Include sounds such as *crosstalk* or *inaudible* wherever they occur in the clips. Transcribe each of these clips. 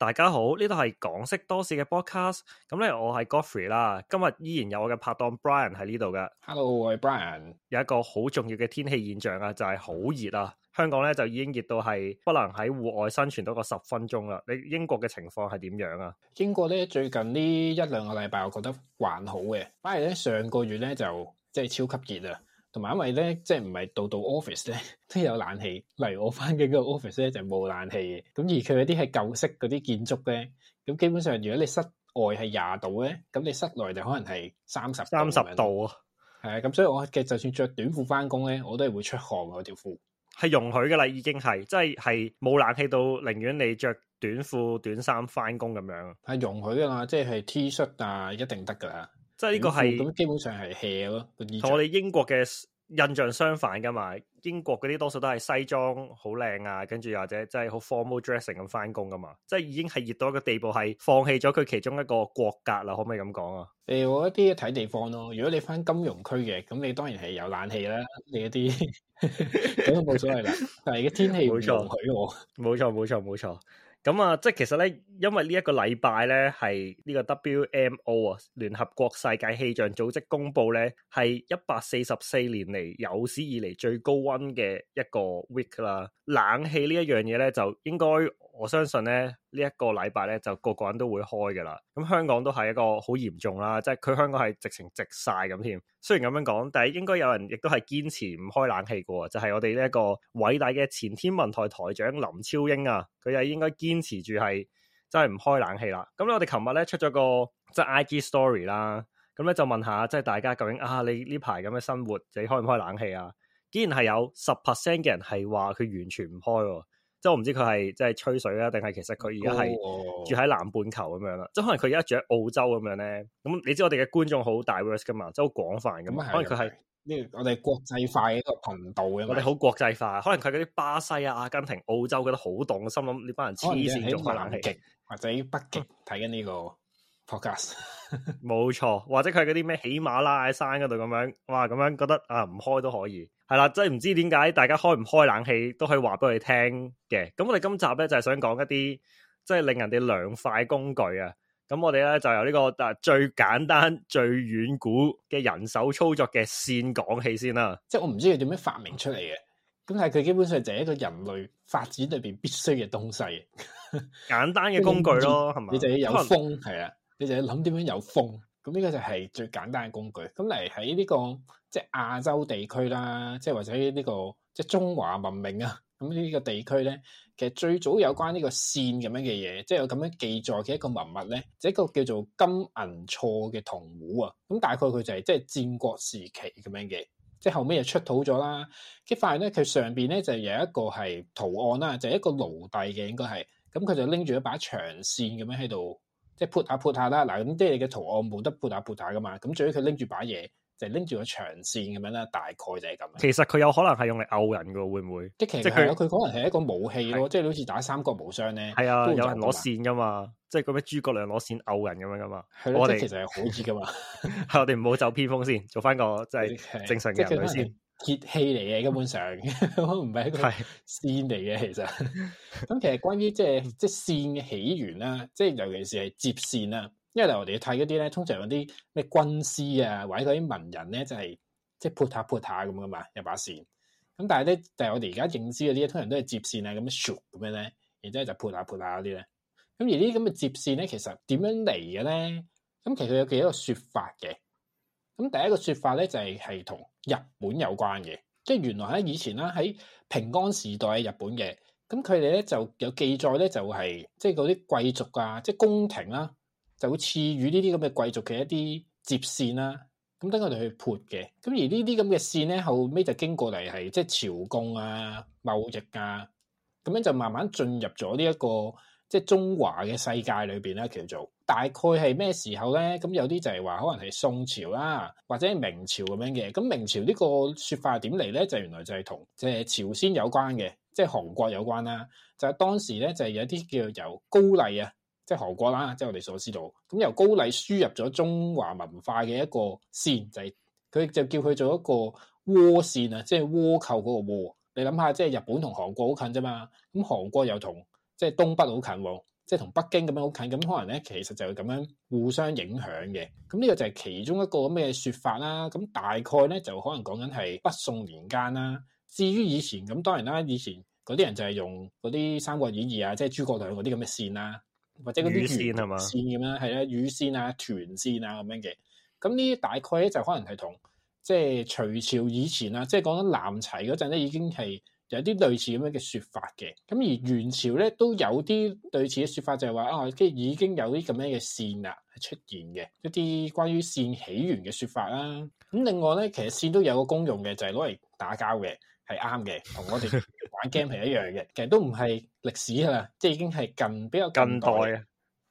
大家好，呢度係港識多史嘅 podcast，咁咧我係 Godfrey 啦，今日依然有我嘅拍檔 Brian 喺呢度嘅。Hello，我係 Brian。有一個好重要嘅天氣現象啊，就係、是、好熱啊，香港咧就已經熱到係不能喺戶外生存多過十分鐘啦。你英國嘅情況係點樣啊？英國咧最近呢一兩個禮拜，我覺得還好嘅，反而咧上個月咧就即係超級熱啊。同埋因為咧，即係唔係度度 office 咧都有冷氣，例如我翻嘅嗰個 office 咧就冇冷氣嘅，咁而佢嗰啲係舊式嗰啲建築咧，咁基本上如果你室外係廿度咧，咁你室內就可能係三十、三十度啊，係啊，咁所以我嘅就算着短褲翻工咧，我都係會出汗喎。條褲係容許噶啦，已經係即係係冇冷氣到，寧願你着短褲短衫翻工咁樣係係容許噶啦，即係 T 恤啊，一定得噶啦。即係呢個係咁，基本上係 hea 咯。同我哋英國嘅印象相反噶嘛？英國嗰啲多數都係西裝好靚啊，跟住或者即係好 formal dressing 咁返工噶嘛？即係已經係熱到一個地步，係放棄咗佢其中一個國格啦？可唔可以咁講啊？誒，我一啲睇地方咯。如果你返金融區嘅，咁你當然係有冷氣啦。你一啲咁 *laughs* 都冇所謂啦。但係嘅天氣唔容許我。冇錯，冇錯，冇錯。咁、嗯、啊，即係其實咧，因為呢一個禮拜咧係呢個 WMO 啊，聯合國世界氣象組織公布咧係一百四十四年嚟有史以嚟最高溫嘅一個 week 啦。冷氣呢一樣嘢咧，就應該我相信咧。呢、這、一個禮拜咧就個個人都會開噶啦，咁香港都係一個好嚴重啦，即係佢香港係直情直晒咁添。雖然咁樣講，但係應該有人亦都係堅持唔開冷氣噶。就係、是、我哋呢一個偉大嘅前天文台台長林超英啊，佢又應該堅持住係真係唔開冷氣啦。咁咧我哋琴日咧出咗個即係、就是、IG story 啦，咁咧就問下即係、就是、大家究竟啊，你呢排咁嘅生活你開唔開冷氣啊？竟然係有十 percent 嘅人係話佢完全唔開。即係我唔知佢係即係吹水啦，定係其實佢而家係住喺南半球咁樣啦。Oh. 即係可能佢而家住喺澳洲咁樣咧。咁你知我哋嘅觀眾好 diverse 噶嘛，即係好廣泛噶。咁可能佢係呢，我哋國際化嘅一個頻道啊嘛。我哋好國際化，可能佢嗰啲巴西啊、阿根廷、澳洲覺得好凍，心諗呢班人黐線咗。喺南極或者喺北極睇緊呢個。冇錯， *laughs* 或者佢係嗰啲咩喜馬拉雅山嗰度咁樣，哇咁樣覺得啊唔開都可以，係啦，即係唔知點解大家開唔開冷氣都可以話俾我哋聽嘅。咁我哋今集咧就係想講一啲即係令人哋涼快的工具啊。咁我哋咧就由呢個啊最簡單最遠古嘅人手操作嘅扇講起先啦。即係我唔知佢點樣發明出嚟嘅，咁但係佢基本上就係一個人類發展裏邊必須嘅東西， *laughs* 簡單嘅工具咯，係、嗯、咪？你就要有風，係啊。你就要諗點樣有風，咁呢個就係最簡單嘅工具。咁嚟喺呢個即係亞洲地區啦，即係或者呢個即係中華文明啊，咁呢個地區咧，其實最早有關呢個線咁樣嘅嘢，即係有咁樣記載嘅一個文物咧，就一個叫做金銀錯嘅銅壺啊。咁大概佢就係、是、即係戰國時期咁樣嘅，即係後尾就出土咗啦。結果發現咧，佢上邊咧就有一個係圖案啦，就係一個奴隸嘅應該係，咁佢就拎住一把長線咁樣喺度。即係潑下潑下啦，嗱咁即係你嘅圖案冇得潑下潑下噶嘛，咁至於佢拎住把嘢，就拎住個長線咁樣啦，大概就係咁。其實佢有可能係用嚟勾人噶，會唔會？即係其實佢可能係一個武器咯，是即係你好似打三國無雙咧。係啊，有人攞線噶嘛，即係嗰咩諸葛亮攞線勾人咁樣噶嘛。嗯、我哋其實係可以噶嘛， *laughs* 我哋唔好走偏鋒先，做翻個即係正常嘅人類先。鐵器嚟嘅，根本上唔係、嗯、 *laughs* 一個扇嚟嘅，其實。咁其實關於即係即係扇嘅起源啦，即係尤其是係摺扇啦。因為我哋要睇嗰啲咧，通常有啲咩軍師啊，或者嗰啲文人咧，就係即係撥下撥下咁噶嘛，一把扇。咁但係咧，就是、我哋而家認知嗰啲咧，通常都係摺扇啊，咁樣 short 咁樣咧，然之後就撥下撥下嗰啲咧。咁而呢啲咁嘅摺扇咧，其實點樣嚟嘅咧？咁其實它有幾多個說法嘅。咁第一個説法咧就係係同日本有關嘅，即係原來咧以前啦喺平安時代嘅日本嘅，咁佢哋咧就有記載咧就係即係嗰啲貴族啊，即係宮廷啦，就會賜予呢啲咁嘅貴族嘅一啲摺扇啦，咁等佢哋去撥嘅。咁而呢啲咁嘅扇咧後尾就經過嚟係即係朝貢啊、貿易啊，咁樣就慢慢進入咗呢一個即係中華嘅世界裏邊啦，叫做。大概係咩時候咧？咁有啲就係話可能係宋朝啦、啊，或者係明朝咁樣嘅。咁明朝這個說呢個説法係點嚟咧？就原來就係同即係朝鮮有關嘅，即係韓國有關啦、啊。就當時咧就係、是、有啲叫由高麗、就是、韓啊，即係韓國啦，即係我哋所知道。咁由高麗輸入咗中華文化嘅一個線，就係、是、佢就叫佢做一個線、就是、倭線、就是就是、啊，即係倭寇嗰個倭。你諗下，即係日本同韓國好近啫嘛。咁韓國又同即係東北好近。即係同北京咁樣好近，咁可能咧，其實就係咁樣互相影響嘅。咁呢個就係其中一個咩說法啦。咁大概咧，就可能講緊係北宋年間啦。至於以前咁，當然啦，以前嗰啲人就係用嗰啲《三國演義》啊，即係諸葛亮嗰啲咁嘅扇啦，或者嗰啲羽扇係嘛，扇咁啦，係啦，羽扇啊、團扇啊咁樣嘅。咁呢啲大概咧，就可能係同即係隋朝以前啊，即係講緊南齊嗰陣咧，已經係。有啲類似咁樣嘅説法嘅，咁而元朝咧都有啲類似嘅説法，就是說，就係話啊，即係已經有啲咁樣嘅線啦，係出現嘅一啲關於線起源嘅説法啦。咁另外咧，其實線都有個功用嘅，就係攞嚟打交嘅，係啱嘅，同我哋玩 game 係一樣嘅。 *laughs* 其實都唔係歷史啦，即係已經係近比較近代。近代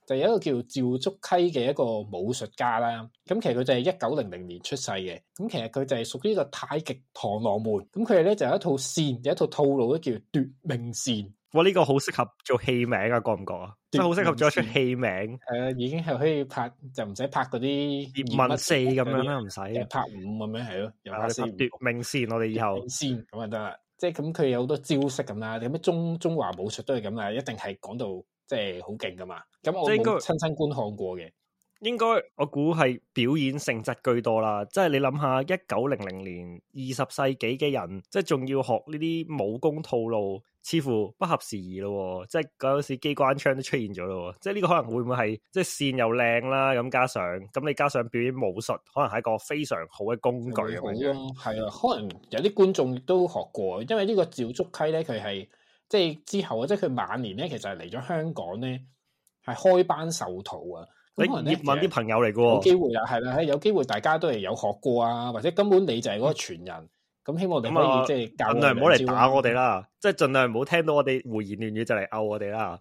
就有一個叫趙竹溪嘅一個武術家啦，咁其實佢就係一九零零年出世嘅，咁其實佢就係屬於一個太極螳螂門，咁佢哋咧就有一套扇，有一套套路都叫奪命扇。哇，呢個好適合做戲名啊，覺唔覺啊？即係好適合做一出戲名。係已經係可以拍就唔使拍嗰啲葉問四咁樣啦，唔使拍五咁樣係咯。啊，有4，啊，你拍奪命扇、啊，我哋以後。扇咁就得啦，即係咁佢有好多招式咁啦，咁咩中中華武術都係咁啦，一定係講到。即係好勁噶嘛？咁我即應該親身觀看過嘅。應該我估係表演性質居多啦。即係你諗下，一九零零年二十世紀嘅人，即係仲要學呢啲武功套路，似乎不合時宜咯。即係嗰陣時機關槍都出現咗咯。即係呢個可能會唔會係即係線又靚啦？咁加上咁你加上表演武術，可能係一個非常好嘅工具。好啊，係啊，可能有啲觀眾都學過，因為呢個趙竹溪咧，佢係。即係之後啊，即係佢晚年咧，其實係嚟咗香港咧，係開班授徒啊。你葉問啲朋友嚟嘅，冇機會啦，係啦，有機會，大家都係有學過啊，或者根本你就係嗰個傳人。咁、嗯、希望你可以、嗯、即係教。盡量唔好嚟打我哋啦，即係盡量唔好聽到我哋胡言亂語就嚟毆我哋啦。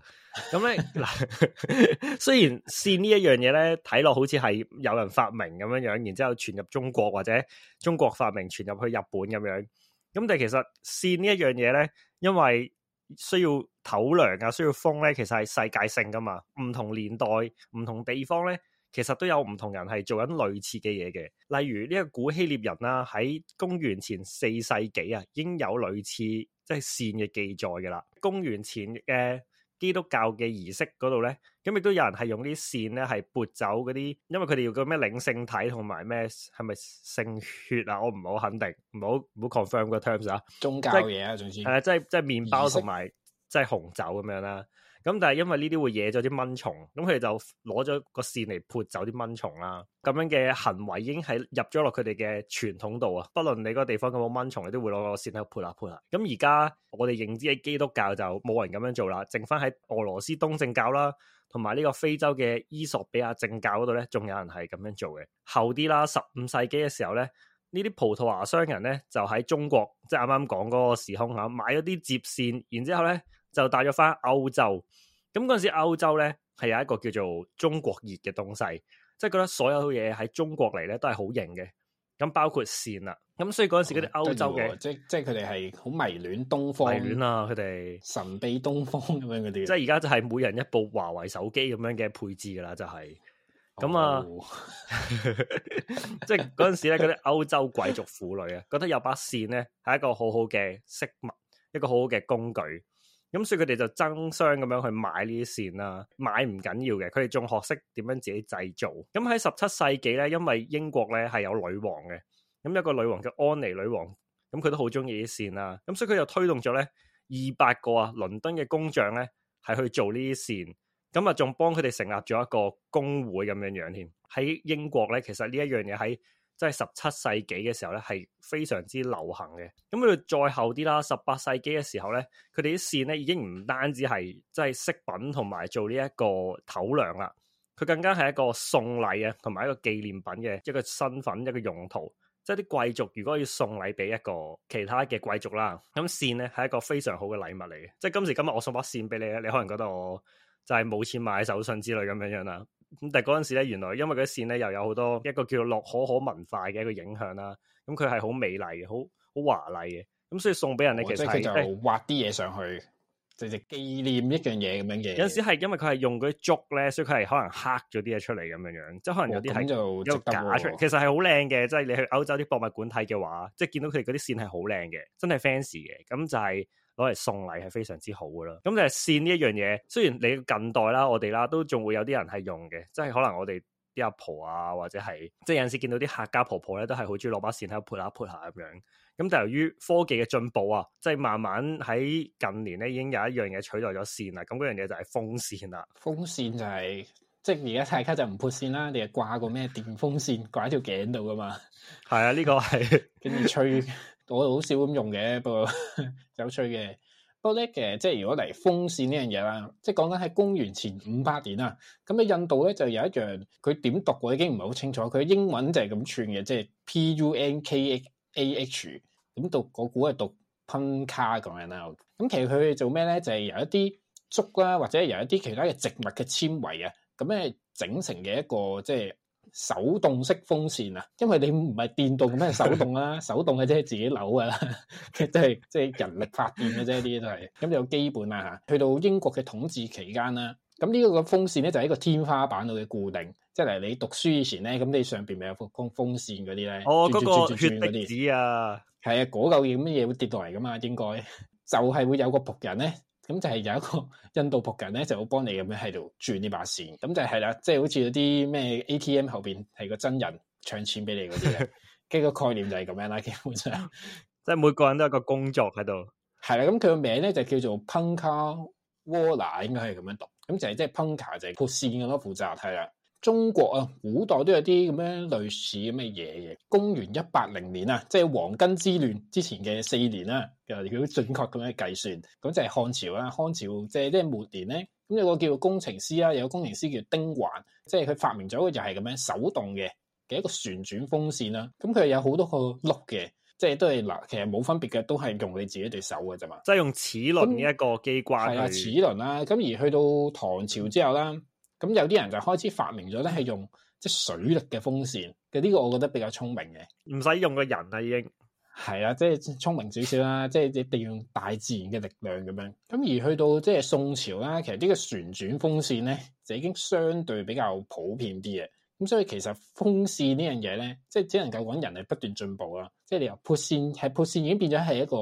咁咧嗱，雖然線呢一樣嘢咧，睇落好似係有人發明咁樣樣，然之後傳入中國或者中國發明傳入去日本咁樣，咁但係其實線呢一樣嘢咧，因為需要唞涼啊，需要風咧，其實係世界性噶嘛。唔同年代、唔同地方咧，其實都有唔同人係做緊類似嘅嘢嘅。例如呢個古希臘人啦、啊，喺公元前四世紀啊，已經有類似即係、就是、線嘅記載噶啦。公元前嘅。基督教嘅儀式嗰度咧，咁亦都有人係用啲線咧，係撥走嗰啲，因為佢哋要叫咩領聖體同埋咩係咪聖血啊？我唔好肯定，唔好唔好 confirm 個 terms 啊！宗教嘢啊，係啊，即係即係麵包同埋即係紅酒咁樣啦。咁但係因為呢啲會惹咗啲蚊蟲，咁佢哋就攞咗個線嚟潑走啲蚊蟲啦。咁樣嘅行為已經係入咗落佢哋嘅傳統度啊。不論你個地方有冇蚊蟲，你都會攞個線喺度潑下潑下。咁而家我哋認知嘅基督教就冇人咁樣做啦，剩翻喺俄羅斯東正教啦，同埋呢個非洲嘅伊索比亞正教嗰度咧，仲有人係咁樣做嘅。後啲啦，十五世紀嘅時候咧。呢啲葡萄牙商人咧就喺中國，即係啱啱講嗰個時空吓，買咗啲摺扇，然之後咧就帶咗翻歐洲。咁嗰陣時歐洲咧係有一個叫做中國熱嘅東西，即係覺得所有嘢喺中國嚟，咧都係好型嘅。咁包括扇啦，咁所以嗰陣時嗰啲歐洲嘅、嗯哦，即係即係佢哋係好迷戀東方，迷戀啊佢哋神秘東方咁樣嗰啲。即係而家就係每人一部華為手機咁樣嘅配置噶啦，就係、是。咁、哦哦、啊，即係嗰陣時咧，嗰啲歐洲貴族婦女啊，覺得有把扇咧係一個好好嘅飾物，一個好好嘅工具，咁所以佢哋就爭相咁樣去買呢啲扇啦。買唔緊要嘅，佢哋仲學識點樣自己製造。咁喺十七世紀咧，因為英國咧係有女王嘅，咁有一個女王叫安妮女王，咁佢都好中意啲扇啦。咁所以佢又推動咗咧二百個啊倫敦嘅工匠咧係去做呢啲扇。咁啊，仲幫佢哋成立咗一個工會咁樣樣添。喺英國咧，其實呢一樣嘢喺即係十七世紀嘅時候咧，係非常之流行嘅。咁佢哋再後啲啦，十八世紀嘅時候咧，佢哋啲線咧已經唔單止係即係飾品同埋做呢一個鬥量啦，佢更加係一個送禮啊同埋一個紀念品嘅一個身份一個用途。即係啲貴族如果要送禮俾一個其他嘅貴族啦，咁線咧係一個非常好嘅禮物嚟嘅。即係今時今日，我送把線俾你咧，你可能覺得我。就係、是、冇錢買手信之類咁樣樣啦。咁但係嗰陣時咧，原來因為嗰啲線咧又有好多一個叫洛可可文化嘅一個影響啦。咁佢係好美麗嘅，好好華麗嘅。咁所以送俾人咧、哦，其實係畫啲嘢上去，即係紀念一樣嘢咁樣嘅。有時係因為佢係用嗰啲竹咧，所以佢係可能刻咗啲嘢出嚟咁樣樣，即係可能有啲係有假出。嚟、哦。其實係好靚嘅，即係你去歐洲啲博物館睇嘅話，即係見到佢哋嗰啲線係好靚嘅，真係 fancy 嘅。咁就係、是。攞嚟送禮係非常之好噶啦，咁就係扇呢一樣嘢。雖然你近代啦，我哋啦都仲會有啲人係用嘅，即係可能我哋啲阿婆啊，或者係即係有陣時見到啲客家婆婆咧，都係好中意攞把扇喺度撥吓撥吓咁樣。咁但係由於科技嘅進步啊，即係慢慢喺近年咧，已經有一樣嘢取代咗扇啦。咁嗰樣嘢就係風扇啦。風扇就係即係而家大家就唔撥扇啦，你係掛個咩電風扇掛喺條頸度㗎嘛？係 *laughs* 啊，呢個係跟住吹，我好少咁用嘅，不過。有趣嘅，不過咧嘅，即係如果嚟風扇呢樣嘢啦，即係講緊喺公元前五百年啦，咁咧印度咧就有一樣，佢點讀我已經唔係好清楚，佢英文就係咁串嘅，即係 P U N K A H，咁讀我估係讀噴卡咁樣啦。咁其實佢做咩咧？就係、是、由一啲竹啦，或者由一啲其他嘅植物嘅纖維啊，咁咧整成嘅一個即係。就是手動式風扇啊，因為你唔係電動咩，手動啦？ *laughs* 手動嘅啫，自己扭嘅啦，即係即係人力發電嘅啫，啲 *laughs* 都係。咁有基本啦吓，去到英國嘅統治期間啦，咁呢一個風扇咧就係一個天花板度嘅固定，即係嚟你讀書以前咧，咁你上邊咪有風風扇嗰啲咧，轉轉轉轉嗰啲紙啊，係啊，嗰嚿嘢乜嘢會跌落嚟噶嘛？應該就係會有個僕人咧。咁就係有一個印度僕人呢，就好咧，就幫你咁樣喺度轉呢把線。咁就係、是、啦，即係、就是、好似嗰啲咩 ATM 後面係個真人搶錢俾你嗰啲嘅。嘅 *laughs* 個概念就係咁樣啦，基本上。即係每個人都有個工作喺度。係啦，咁佢個名咧就叫做 punkah wallah 應該係咁樣讀。咁就係即係 punkah 就係、是、撲線嘅咯，負責係啦。中國啊，古代都有啲咁樣類似咁嘅嘢嘅。公元一八零年啊，即係黃巾之亂之前嘅四年啦。如果準確咁樣計算，咁就係漢朝啦。漢朝即係即係末年咧。咁有一個叫做工程師啦，有一個工程師叫丁環，即係佢發明咗一個就係咁樣手動嘅嘅一個旋轉風扇啦。咁佢有好多個轆嘅，即係都係嗱，其實冇分別嘅，都係用佢自己對手嘅啫嘛。即係用齒輪嘅一個機關。係啊，齒輪啦。咁而去到唐朝之後啦。咁有啲人就開始發明咗咧，係用即係水力嘅風扇，呢個我覺得比較聰明嘅，唔使用個人啦，已經係啊，即係聰明少少啦，即係你利用大自然嘅力量咁樣。咁而去到即係宋朝啦，其實呢個旋轉風扇咧就已經相對比較普遍啲嘅。咁所以其實風扇呢樣嘢咧，即係只能夠揾人嚟不斷進步啦。即係你由撲扇，係撲扇已經變咗係一個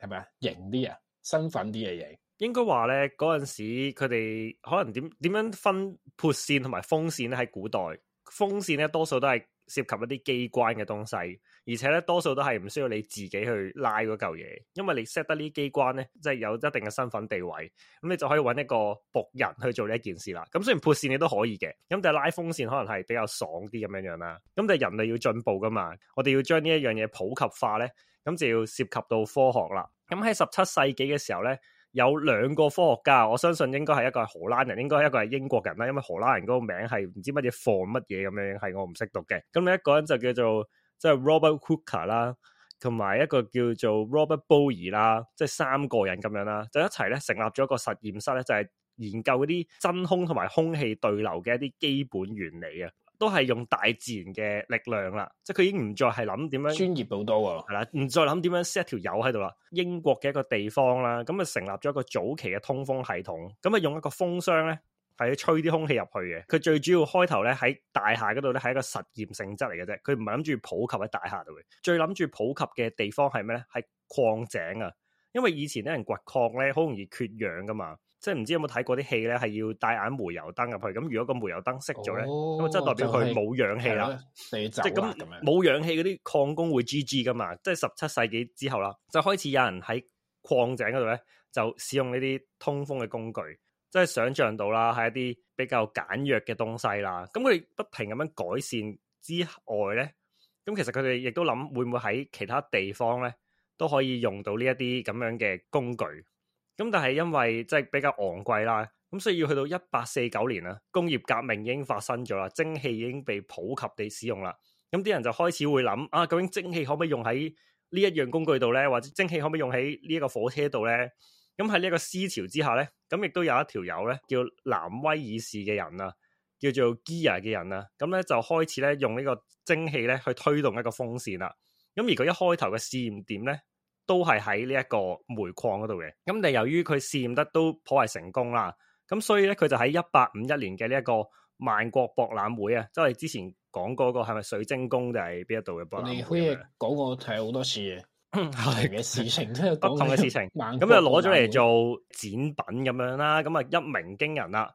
係咪啊型啲啊，身份啲嘅嘢。應該話咧，嗰陣時佢哋可能點點樣分撥扇同埋風扇咧？喺古代風扇咧，多數都係涉及一啲機關嘅東西，而且咧多數都係唔需要你自己去拉嗰嚿嘢，因為你 set 得呢機關咧，即係有一定嘅身份地位，咁你就可以搵一個僕人去做呢一件事啦。咁雖然撥扇你都可以嘅，咁但係拉風扇可能係比較爽啲咁樣樣啦。咁但係人類要進步噶嘛，我哋要將呢一樣嘢普及化咧，咁就要涉及到科學啦。咁喺十七世紀嘅時候咧。有兩個科學家，我相信應該係一個係荷蘭人，應該係一個係英國人啦，因為荷蘭人嗰個名字係唔知乜嘢放乜嘢咁樣，係我唔識讀嘅。咁一個人就叫做即、就是、Robert Cooker 啦，同埋一個叫做 Robert Boyle 啦，即三個人咁樣啦，就一齊呢成立咗一個實驗室呢就係、是、研究嗰啲真空同埋空氣對流嘅一啲基本原理啊。都係用大自然嘅力量啦，即係佢已經唔再係諗點樣專業好多喎，係啦，唔再諗點樣塞一條友喺度啦。英國嘅一個地方啦，咁啊成立咗一個早期嘅通風系統，咁啊用一個風箱咧，係要吹啲空氣入去嘅。佢最主要開頭咧喺大廈嗰度咧係一個實驗性質嚟嘅啫，佢唔係諗住普及喺大廈度嘅，最諗住普及嘅地方係咩咧？係礦井啊，因為以前啲人掘礦咧好容易缺氧噶嘛。即係唔知有冇睇過啲戲咧，係要戴眼煤油燈入去。咁如果個煤油燈熄咗咧，咁真係代表佢冇氧氣啦，就是就是啊。即係咁冇氧氣嗰啲礦工會 G.G. 噶嘛。即係十七世紀之後啦，就開始有人喺礦井嗰度咧，就使用呢啲通風嘅工具。即係想像到啦，係一啲比較簡約嘅東西啦。咁佢哋不停咁樣改善之外咧，咁其實佢哋亦都諗會唔會喺其他地方咧都可以用到呢一啲咁樣嘅工具。咁但係因為即係比較昂貴啦，咁所以要去到一八四九年啦，工業革命已經發生咗啦，蒸汽已經被普及地使用啦。咁啲人就開始會諗啊，究竟蒸汽可唔可以用喺呢一樣工具度咧，或者蒸汽可唔可以用喺呢一個火車度咧？咁喺呢一個思潮之下咧，咁亦都有一條友咧叫南威爾士嘅人啊，叫做 Gear 嘅人啊，咁咧就開始咧用呢個蒸汽咧去推動一個風扇啦。咁而佢一開頭嘅試驗點咧。都係喺呢一個煤礦嗰度嘅，咁但係由於佢試驗得都頗為成功啦，咁所以咧佢就喺一八五一年嘅呢一個萬國博覽會，就是是是博覽會、嗯、啊，即係之前講嗰個係咪水晶宮定係邊一度嘅博覽會？你可以講過睇好多次嘅事情，即係不同嘅事情，咁就攞咗嚟做展品咁樣啦，咁啊一鳴驚人啦，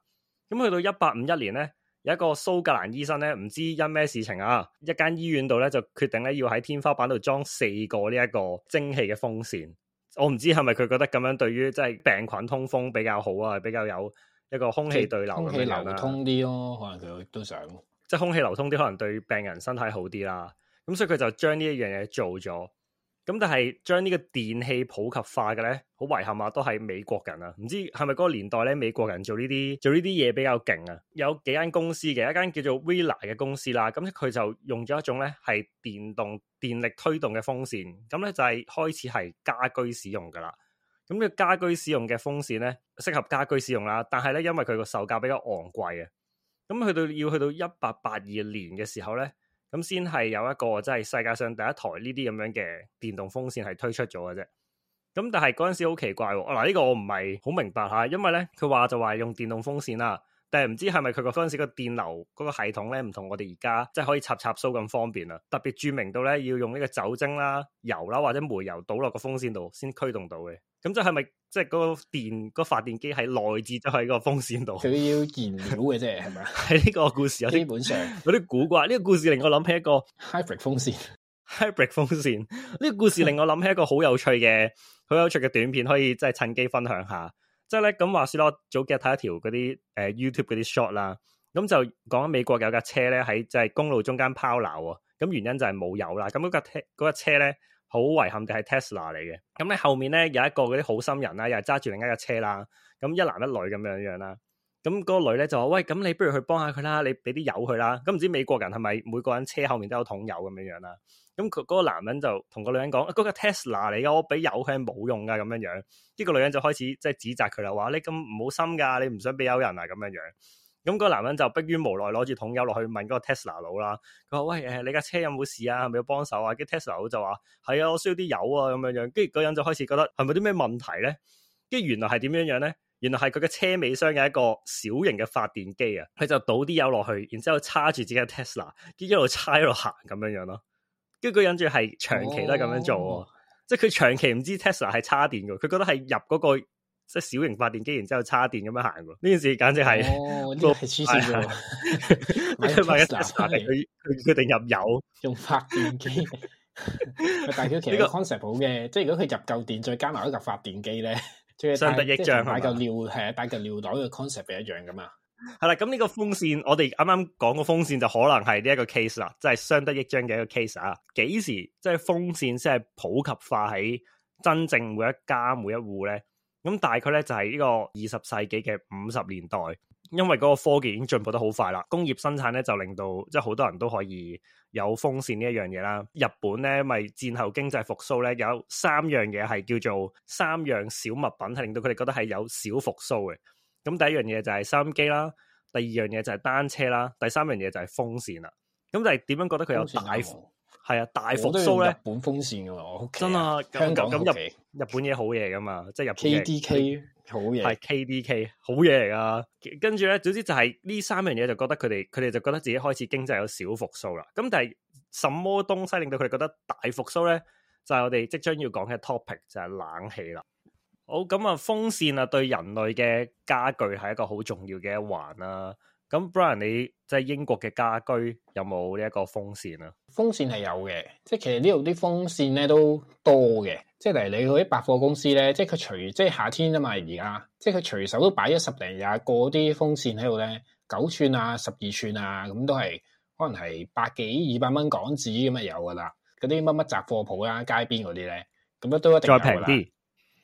咁去到一八五一年咧，有一個蘇格蘭醫生咧，唔知因咩事情啊，一間醫院度咧就決定咧要喺天花板度裝四個呢一個蒸汽嘅風扇。我唔知係咪佢覺得咁樣對於即係病菌通風比較好啊，比較有一個空氣對流咁樣流，流通啲咯，哦，可能佢都想，即係空氣流通啲，可能對病人身體好啲啦。咁所以佢就將呢一樣嘢做咗。咁但係將呢個電器普及化嘅咧，好遺憾啊，都係美國人啊，唔知係咪嗰個年代咧，美國人做呢啲做呢啲嘢比較勁啊？有幾間公司嘅，一間叫做 Villa 嘅公司啦，咁、嗯、佢就用咗一種咧係電動電力推動嘅風扇，咁、嗯、咧就係、是、開始係家居使用噶啦。咁、嗯、呢、呢個家居使用嘅風扇咧，適合家居使用啦，但係咧因為佢個售價比較昂貴啊，咁、嗯、去到要去到一八八二年嘅時候咧。咁先係有一個即係、就是、世界上第一台呢啲咁樣嘅電動風扇係推出咗嘅啫。咁但係嗰陣時好奇怪、哦，嗱、這、呢個我唔係好明白吓、啊，因為咧佢話就話用電動風扇啦、啊，但係唔知係咪佢個嗰陣時個電流嗰個系統咧唔同我哋而家即係可以插插蘇咁方便啦、啊。特別注明到咧要用呢個酒精啦、啊、油啦、啊、或者煤油倒落個風扇度先驅動到嘅。咁即係咪即係個個電嗰、嗰個、發電機係內置咗喺個風扇度？佢要燃料嘅啫，係咪啊？喺、呢、呢個故事有啲基本上有啲 *laughs* 古怪。呢、呢個故事令我諗起一個 hybrid 風扇，hybrid 風扇。呢 *laughs* 個故事令我諗起一個好有趣嘅、好 *laughs* 有趣嘅短片，可以即係趁機分享下。即係咧咁話說咯，早幾日睇一條嗰啲誒 YouTube 嗰啲 short 啦，咁就講美國有架車咧喺即係公路中間拋錨啊，咁原因就係冇油啦。咁嗰架車架車咧。.好遺憾就係 Tesla 嚟嘅，咁咧後面咧有一個嗰啲好心人啦、啊，又揸住另一架車啦，咁一男一女咁樣樣啦，咁、那、嗰個女咧就話喂，咁你不如去幫下佢啦，你俾啲油佢啦，咁唔知美國人係咪每個人車後面都有桶油咁樣樣啦，咁、那、嗰個男人就同個女人講，嗰、啊那個 Tesla 嚟嘅，我俾油佢係冇用噶，咁樣樣，呢、這個女人就開始即係指責佢啦，話你咁唔好心噶，你唔想俾油人啊咁樣樣。咁、嗰個男人就迫於無奈，攞住桶油落去問嗰個 Tesla 佬啦。佢話喂，誒，你架車有冇事啊？係咪要幫手啊？跟住 Tesla 佬就話係啊，我需要啲油啊，咁樣樣。跟住嗰人就開始覺得係咪啲咩問題咧？跟住原來係點樣樣咧？原來係佢嘅車尾箱嘅一個小型嘅發電機啊，佢就倒啲油落去，然之後叉住自己嘅 Tesla，跟住一路叉一路行咁樣樣咯。跟住佢人住係長期都係咁樣做，即係佢長期唔知 Tesla 係叉電嘅，佢覺得係入嗰、嗰個。即係小型發電機，然之後叉電咁樣行喎，呢件事簡直係，呢、哦這個係黐線喎。一佢佢定入油， *laughs* 不用, Postla, *laughs* 用發電機，大 *laughs* 橋 *laughs* 其實 concept 好嘅，即係如果佢入舊電，再加埋一嚿發電機咧，最係相得益彰。買嚿尿係買嚿尿袋嘅 concept 一樣噶嘛？係啦，咁呢個風扇，我哋啱啱講個風扇就可能係呢、就是、一個 case 啦，即係相得益彰嘅一個 case 啊。幾時即係風扇先係普及化喺真正每一家每一戶咧？咁大概佢咧就係呢個二十世紀嘅五十年代，因為嗰個科技已經進步得好快啦，工業生產咧就令到即係好多人都可以有風扇呢一樣嘢啦。日本咧咪戰後經濟復甦咧，有三樣嘢係叫做三樣小物品，係令到佢哋覺得係有小復甦嘅。咁第一樣嘢就係收音機啦，第二樣嘢就係單車啦，第三樣嘢就係風扇啦。咁就係點樣覺得佢有大？係啊，大復蘇咧，日本風扇噶、OK, OK、嘛，真啊，香港咁入日本嘢好嘢噶嘛，即係日本 K D K 好嘢，係 K D K 好嘢嚟噶。跟住咧，總之就係呢三樣嘢，就覺得佢哋佢哋就覺得自己開始經濟有小復蘇啦。咁但係什麼東西令到佢哋覺得大復蘇咧？就係、是、我哋即將要講嘅 topic 就係、是、冷氣啦。好咁啊、嗯，風扇啊，對人類嘅家具係一個好重要嘅一環啊。咁 Brian 你即係英國嘅家居有冇呢一個風扇啊？風扇係有嘅，即係其實呢度啲風扇咧都多嘅。即係嚟你去啲百貨公司咧，即係佢隨即係夏天啊嘛而家，即係佢隨手都擺咗十零廿個啲風扇喺度咧，九寸啊、十二寸啊，咁都係可能係百幾二百蚊港紙咁啊有噶啦。嗰啲乜乜雜貨鋪啊，街邊嗰啲咧，咁都都一定有。再平啲，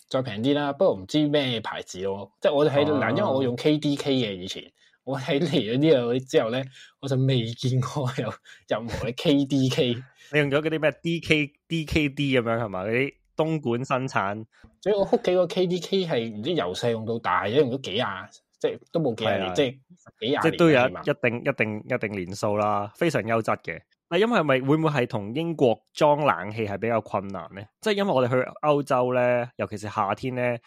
再平啲啦。不過唔知咩牌子咯，即係我哋喺度，嗱、oh.，因為我用 KDK 嘅以前。我喺嚟呢啲之後咧，我就未見過有任何嘅 K D K。你用咗嗰啲咩 D K D K D 咁樣係嘛？嗰啲東莞生產。所以我屋企個 K D K 係唔知由細用到大，用咗幾廿，即係都冇幾廿年，即係幾廿。即係都有一定一定一定年數啦，非常優質嘅。啊，因為係咪會唔會係同英國裝冷氣係比較困難咧？即係因為我哋去歐洲咧，尤其是夏天咧，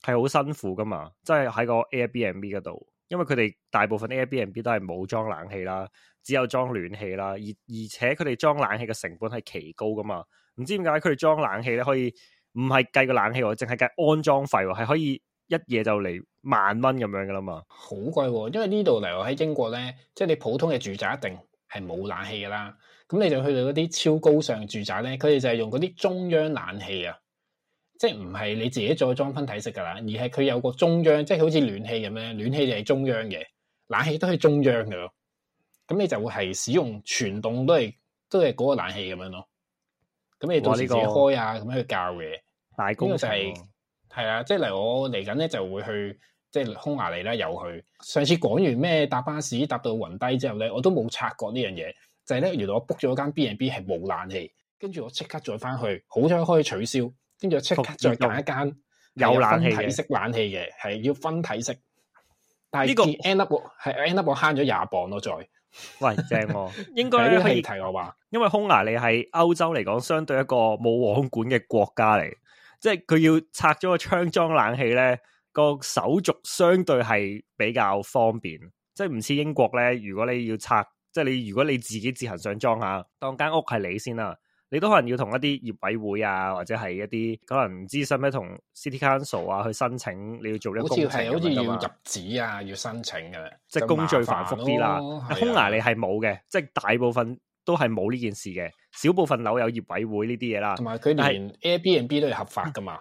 係好辛苦噶嘛。即係喺個 Airbnb 嗰度。因為佢哋大部分 Airbnb 都係冇裝冷氣啦，只有裝暖氣啦，而而且佢哋裝冷氣嘅成本係奇高噶嘛，唔知點解佢哋裝冷氣咧可以唔係計個冷氣喎，淨係計安裝費，係可以一夜就嚟萬蚊咁樣噶啦嘛，好貴啊，因為呢度嚟話喺英國咧，即係你普通嘅住宅一定係冇冷氣噶啦，咁你就去到嗰啲超高尚住宅咧，佢哋就係用嗰啲中央冷氣啊。即係唔係你自己再裝分體式噶啦，而係佢有個中央，即係好似暖氣咁樣，暖氣就係中央嘅，冷氣都係中央嘅咯。咁你就會係使用全棟都係都係嗰個冷氣咁樣咯。咁你到時自己開啊，咁樣、這個、去教嘅。大功，因、這、為、個、就係係啦，即係嚟，我嚟緊咧就會去，即係匈牙利啦又去。上次講完咩搭巴士搭到暈低之後咧，我都冇察覺呢樣嘢，就係、是、咧原來我 book 咗間 B and B 係冇冷氣，跟住我即刻再翻去，好彩可以取消。跟住即刻再揀一間有，有冷氣嘅，係要分體式。這個、但係見 end up 係 end up 慳咗廿磅咯，再。喂，正喎，啊， *laughs* 應該可以提我話，因為匈牙利係歐洲嚟講，相對一個冇網管嘅國家嚟，即係佢要拆咗個窗裝冷氣咧，個手續相對係比較方便，即係唔似英國咧。如果你要拆，即、就、係、是、你如果你自己自行上裝下，當間屋係你先啦。你都可能要同一啲業委會啊，或者係一啲可能唔知使咩同 City Council 啊去申請，你要做一工程咁樣噶嘛？好似係，好似要入紙啊，要申請嘅，即係工序繁複啲啦。匈牙利你係冇嘅，即係大部分都係冇呢件事嘅，小部分樓有業委會呢啲嘢啦。同埋佢連 Airbnb 都係合法噶嘛？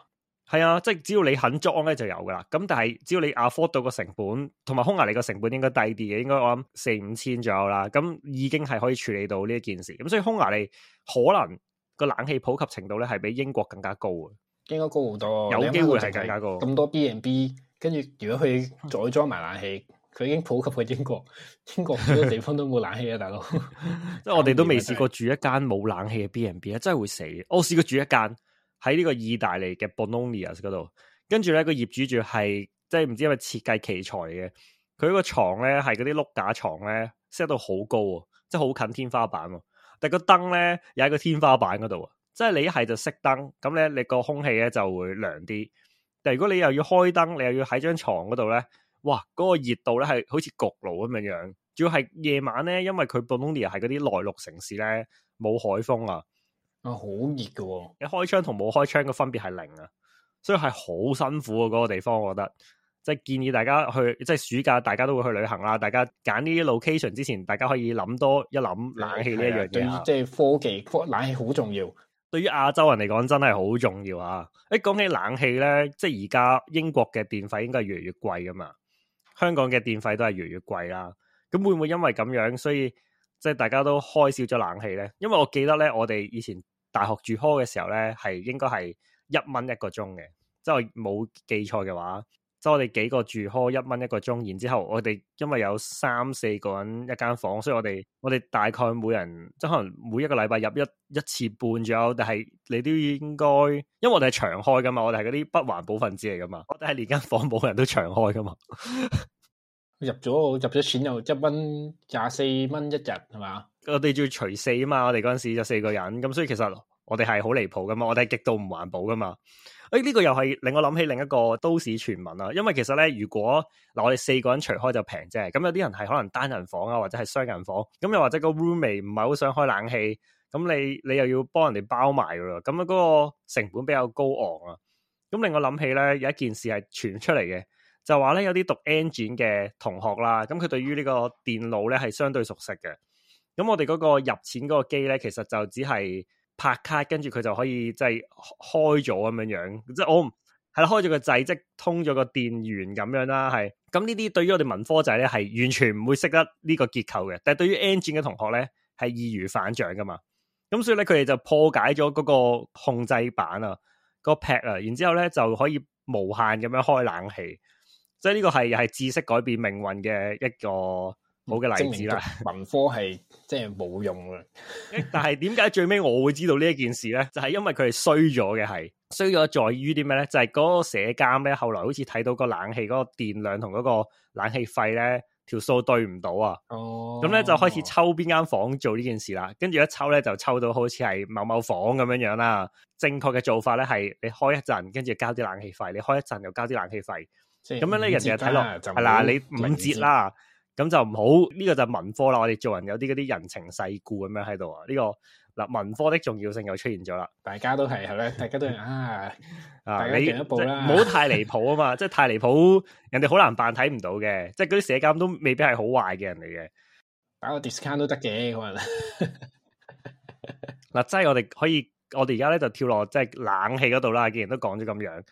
係啊，即係只要你肯裝咧就有噶啦。咁但係只要你 afford 到個成本，同埋匈牙利個成本應該低啲嘅，應該我諗四五千左右啦。咁已經係可以處理到呢一件事。咁所以匈牙利可能個冷氣普及程度咧係比英國更加高啊，應該高好多，有機會係更加高。咁多 B&B，跟住如果佢再裝埋冷氣，佢已經普及去英國。英國好多地方都冇冷氣啊， *laughs* 大佬哥。即 *laughs* 係我哋都未試過住一間冇冷氣嘅 B&B 啊，真係會死。我試過住一間。喺呢個意大利嘅 Bologna 嗰度，跟住咧、呢個業主住係即係唔知係咪設計奇才嘅，佢個床咧係嗰啲碌架床咧 set 到好高啊，即係好近天花板喎、啊。但個燈咧又喺個天花板嗰度啊，即係你一係就熄燈，咁咧你個空氣咧就會涼啲。但如果你又要開燈，你又要喺張床嗰度咧，哇嗰、嗰個熱度咧係好似焗爐咁樣樣。主要係夜晚咧，因為佢 Bologna 係嗰啲內陸城市咧，冇海風啊。啊、哦，好熱嘅，你開窗同冇開窗嘅分別係零啊，所以係好辛苦嗰、那個地方，我覺得，即、就、係、是、建議大家去，即、就、係、是、暑假大家都會去旅行啦。大家揀呢啲 location 之前，大家可以諗多一諗冷氣呢一樣嘢。即、哦、係、啊就是、科技，冷氣好重要。對於亞洲人嚟講，真係好重要啊！一講起冷氣呢，即係而家英國嘅電費應該係越嚟越貴噶嘛，香港嘅電費都係越嚟越貴啦。咁會唔會因為咁樣，所以即係、就是、大家都開少咗冷氣呢？因為我記得呢，我哋以前。大學住 hall 嘅時候咧，係應該係一蚊一個鐘嘅，即係我冇記錯嘅話，即係我哋幾個住 hall 一蚊一個鐘，然之後我哋因為有三四個人一間房，所以我哋我哋大概每人即係可能每一個禮拜入一一次半左右，仲有。但係你都應該，因為我哋係長開噶嘛，我哋係嗰啲不環保分子嚟噶嘛，我哋係連間房冇人都長開噶嘛。 *laughs* 入咗入咗錢就一蚊廿四蚊一日係嘛？我哋仲要除四啊嘛！我哋嗰陣時就四個人，咁所以其實我哋係好離譜噶嘛！我哋係極度唔環保噶嘛！誒、哎、呢、這個又係令我諗起另一個都市傳聞啦。因為其實咧，如果嗱我哋四個人除開就平啫，咁有啲人係可能單人房啊，或者係雙人房，咁又或者個 roommate 唔係好想開冷氣，咁你你又要幫人哋包埋噶啦，咁啊嗰個成本比較高昂啊。咁令我諗起咧有一件事係傳出嚟嘅，就話咧有啲讀 engine 嘅同學啦，咁佢對於呢個電腦咧係相對熟悉嘅。咁我哋嗰個入錢嗰個機咧，其實就只係拍卡，跟住佢就可以即係、就是、開咗咁樣樣，即係我係開咗個掣，即通咗個電源咁樣啦。係咁呢啲對於我哋文科仔咧，係完全唔會識得呢個結構嘅，但係對於 engine 嘅同學咧，係易如反掌噶嘛。咁所以咧，佢哋就破解咗嗰個控制板啊，個 pad 啊，然之後咧就可以無限咁樣開冷氣。即係呢個係係知識改變命運嘅一個冇嘅例子啦，文科係即係冇用嘅。 *laughs* 但係點解最尾我會知道呢一件事咧？就係因為佢係衰咗嘅，係衰咗在於啲咩咧？就係嗰個社監咧，後來好似睇到個冷氣嗰個電量同嗰個冷氣費咧條數對唔到啊。哦呢，咁咧就開始抽邊間房做呢件事啦。跟住一抽咧就抽到好似係某某房咁樣樣啦。正確嘅做法咧係你開一陣，跟住交啲冷氣費；你開一陣又交啲冷氣費。咁樣咧，人哋睇落係啦，你五折啦。咁就唔好呢個就文科啦，我哋做人有啲嗰啲人情世故咁樣喺度啊。呢個嗱，文科的重要性又出現咗啦。大家都係係 *laughs* 大家都係啊，啊，你唔好太離譜啊嘛。 *laughs* 即係太離譜，人哋好難扮睇唔到嘅。即係嗰啲社交都未必係好壞嘅人嚟嘅，打個 discount 都得嘅。嗱，即係我哋可以，我哋而家咧就跳落即係冷氣嗰度啦。既然都講咗咁樣，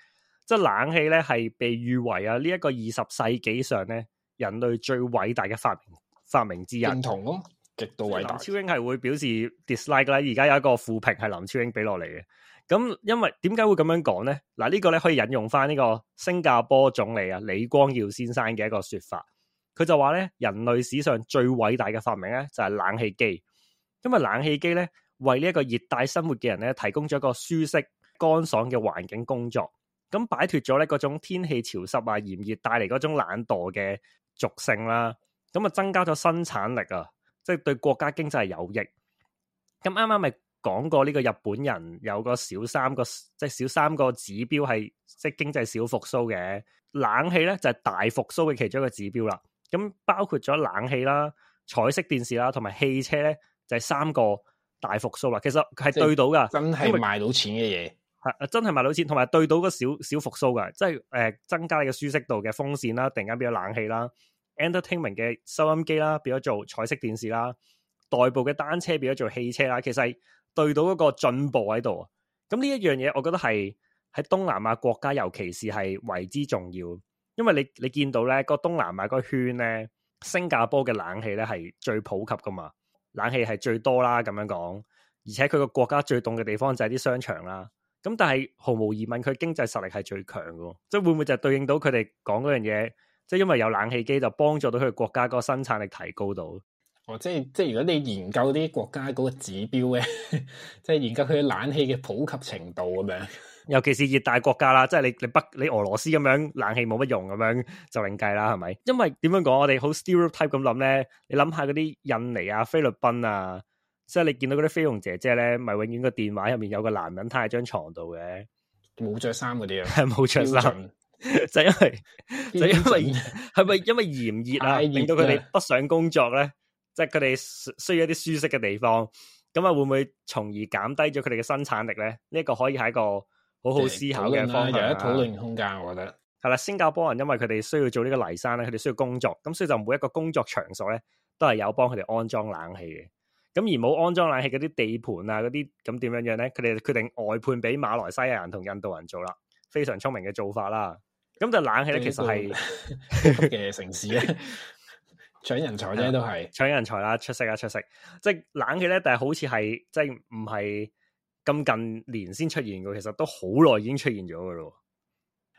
即係冷氣咧係被譽為啊呢一個二十世紀上咧。人類最偉大嘅發明發明之一認同咯，極度偉大。林超英係會表示 dislike 咧，而家有一個負評係林超英俾落嚟嘅。咁因為點解會咁樣講呢？嗱，呢、這個咧可以引用翻呢個新加坡總理啊李光耀先生嘅一個說法，佢就話咧人類史上最偉大嘅發明咧就係、是、冷氣機，因為冷氣機咧為呢一個熱帶生活嘅人咧提供咗一個舒適乾爽嘅環境工作，咁擺脫咗咧嗰種天氣潮濕啊炎熱帶嚟嗰種懶惰嘅。俗性啦，咁啊增加咗生產力啊，即係對國家經濟係有益。咁啱啱咪講過呢個日本人有個小三個，即係小三個指標係即係經濟小復甦嘅冷氣咧就係大復甦嘅其中一個指標啦。咁包括咗冷氣啦、彩色電視啦同埋汽車咧就係三個大復甦啦。其實係對到噶，真係賣到錢嘅嘢。真係賣到錢，同埋對到個小小復甦噶，即係誒、呃、增加你嘅舒適度嘅風扇啦，突然間變咗冷氣啦，Entertainment 嘅收音機啦，變咗做彩色電視啦，代步嘅單車變咗做汽車啦。其實對到一個進步喺度，咁呢一樣嘢，我覺得係喺東南亞國家，尤其是係為之重要，因為你你見到咧個東南亞個圈咧，新加坡嘅冷氣咧係最普及噶嘛，冷氣係最多啦咁樣講，而且佢個國家最凍嘅地方就係啲商場啦。咁但係毫無疑問，佢經濟實力係最強嘅。即係會唔會就係對應到佢哋講嗰樣嘢，即係因為有冷氣機就幫助到佢國家嗰個生產力提高到。哦，即係即係如果你研究啲國家嗰個指標咧， *laughs* 即係研究佢冷氣嘅普及程度咁樣， *laughs* 尤其是熱帶國家啦，即係你你北你俄羅斯咁樣冷氣冇乜用咁樣就另計啦，係咪？因為點樣講，我哋好 stereotype 咁諗咧，你諗下嗰啲印尼啊、菲律賓啊。即係你見到嗰啲菲傭姐姐咧，咪永遠個電話入面有個男人躺喺張床度嘅，冇着衫嗰啲啊，係冇着衫。 *laughs* 就因為就因為係咪因為炎熱啊熱，令到佢哋不想工作咧？即係佢哋需要一啲舒適嘅地方，咁啊會唔會從而減低咗佢哋嘅生產力咧？呢、這、一個可以係一個好好思考嘅方向，就係論啊、有一討論空間。我覺得係啦， *laughs* 新加坡人因為佢哋需要做呢個泥山咧，佢哋需要工作，咁所以就每一個工作場所咧都係有幫佢哋安裝冷氣嘅。咁而冇安裝冷氣嗰啲地盤啊，嗰啲咁點樣樣咧？佢哋決定外判俾馬來西亞人同印度人做啦，非常聰明嘅做法啦。咁就冷氣咧，其實係嘅城市咧搶人才咧都係搶人才啦，出色啊，出色！即係冷氣咧，但係好似係即係唔係咁近年先出現嘅，其實都好耐已經出現咗㗎咯。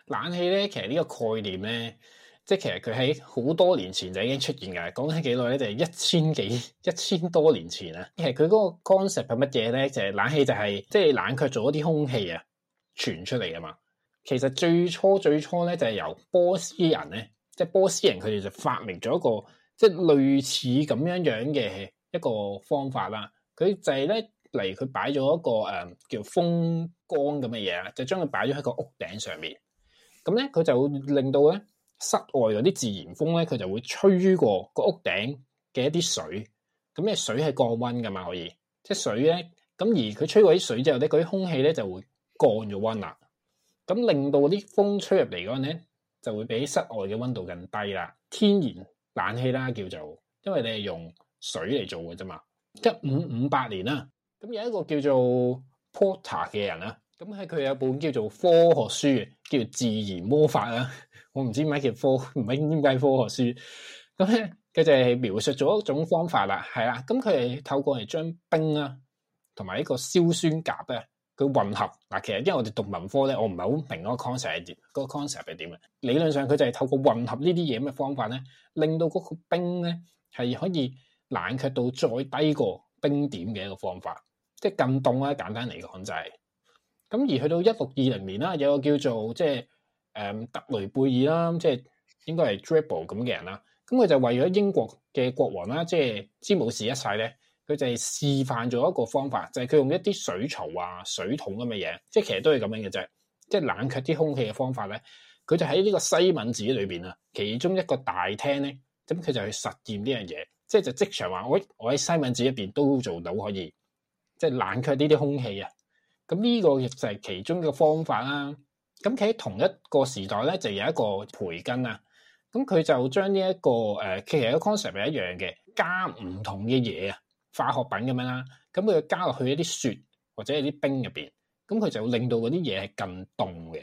冷氣咧，其實呢個概念咧。即係其實佢喺好多年前就已經出現噶，講起幾耐咧，就係、是、一千幾、一千多年前啊。其實佢嗰個 concept 係乜嘢咧，就係、是、冷氣、就是，就係即係冷卻咗一啲空氣啊，傳出嚟啊嘛。其實最初最初咧，就係由波斯人咧，即、就、係、是、波斯人佢哋就發明咗一個即係、就是、類似咁樣樣嘅一個方法啦。佢就係咧嚟佢擺咗一個誒、嗯、叫風缸咁嘅嘢啦，就將佢擺咗喺個屋頂上面，咁咧佢就令到咧。室外有啲自然風咧，佢就會吹過個屋頂嘅一啲水，咁咧水係降溫噶嘛，可以，即係水咧，咁而佢吹過啲水之後咧，嗰啲空氣咧就會降咗溫啦，咁令到啲風吹入嚟嗰陣咧，就會比室外嘅溫度更低啦。天然冷氣啦，叫做，因為你係用水嚟做嘅啫嘛。一五五八年啦，咁有一個叫做 Porter 嘅人啦，咁喺佢有本叫做科學書，叫做《自然魔法》啊。我唔知咩叫科，唔知點解科學書咁咧，佢就係描述咗一種方法啦，係啦，咁佢係透過嚟將冰啊，同埋呢個硝酸鉀咧、啊，佢混合嗱、啊，其實因為我哋讀文科咧，我唔係好明嗰個 concept 係點，嗰個 concept 係點嘅理論上，佢就係透過混合呢啲嘢嘅方法咧，令到嗰個冰咧係可以冷卻到再低過冰點嘅一個方法，即係咁凍啊！簡單嚟講就係、是、咁，而去到一六二零年啦，有個叫做即係。誒、嗯，德雷貝爾啦，即係應該係 Dribble 咁嘅人啦。咁佢就為咗英國嘅國王啦，即係詹姆士一世咧，佢就示範咗一個方法，就係、是、佢用一啲水槽啊、水桶咁嘅嘢，即係其實都係咁樣嘅啫，即、就、係、是、冷卻啲空氣嘅方法咧。佢就喺呢個西敏寺裏邊啊，其中一個大廳咧，咁佢就去實驗呢樣嘢，即、就、係、是、就即場話我我喺西敏寺入邊都做到可以，即係冷卻呢啲空氣啊。咁呢個就係其中嘅方法啦。咁佢喺同一個時代咧，就有一個培根啊！咁佢就將呢一個誒、呃，其實個 concept 係一樣嘅，加唔同嘅嘢啊，化學品咁樣啦。咁佢加落去一啲雪或者一啲冰入邊，咁佢就令到嗰啲嘢係更凍嘅。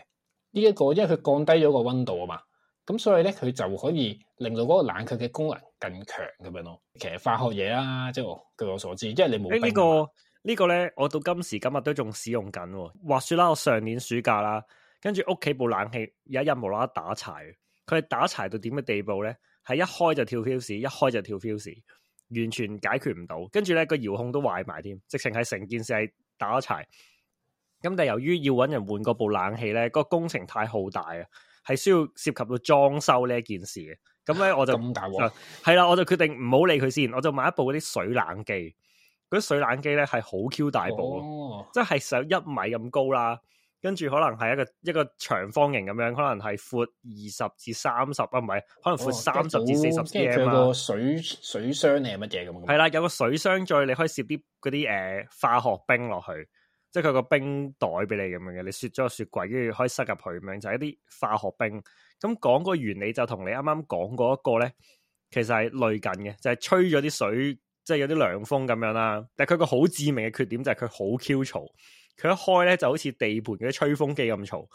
呢、這、一個因為佢降低咗個溫度啊嘛，咁所以咧佢就可以令到嗰個冷卻嘅功能更強咁樣咯。其實化學嘢啦，即係據我所知，因為你冇、這個。誒呢、這個呢個咧，我到今時今日都仲使用緊話說啦！我上年暑假啦。跟住屋企部冷氣有一日無啦啦打柴，佢係打柴到點嘅地步咧？係一開就跳 fuse，一開就跳 fuse，完全解決唔到。跟住咧個遙控都壞埋添，直情係成件事係打柴。咁但係由於要搵人換嗰部冷氣咧，個工程太浩大啊，係需要涉及到裝修呢一件事嘅。咁咧我就咁大鑊，係啦、啊，我就決定唔好理佢先，我就買一部嗰啲水冷機。嗰啲水冷機咧係好 Q 大部即係、哦、上一米咁高啦。跟住可能係一個一個長方形咁樣，可能係闊二十至三十啊，唔係可能闊三十至四十米啊嘛。即係佢個水水箱係乜嘢咁？係啦，有個水箱再你可以攝啲嗰啲誒化學冰落去，即係佢個冰袋俾你咁樣嘅。你雪咗個雪櫃，跟住可以塞入去，咁樣就係、是、一啲化學冰。咁講個原理就同你啱啱講過一個咧，其實係累近嘅，就係、是、吹咗啲水，即係有啲涼風咁樣啦。但係佢個好致命嘅缺點就係佢好 Q 嘈。佢一開咧就好似地盤嗰啲吹風機咁嘈，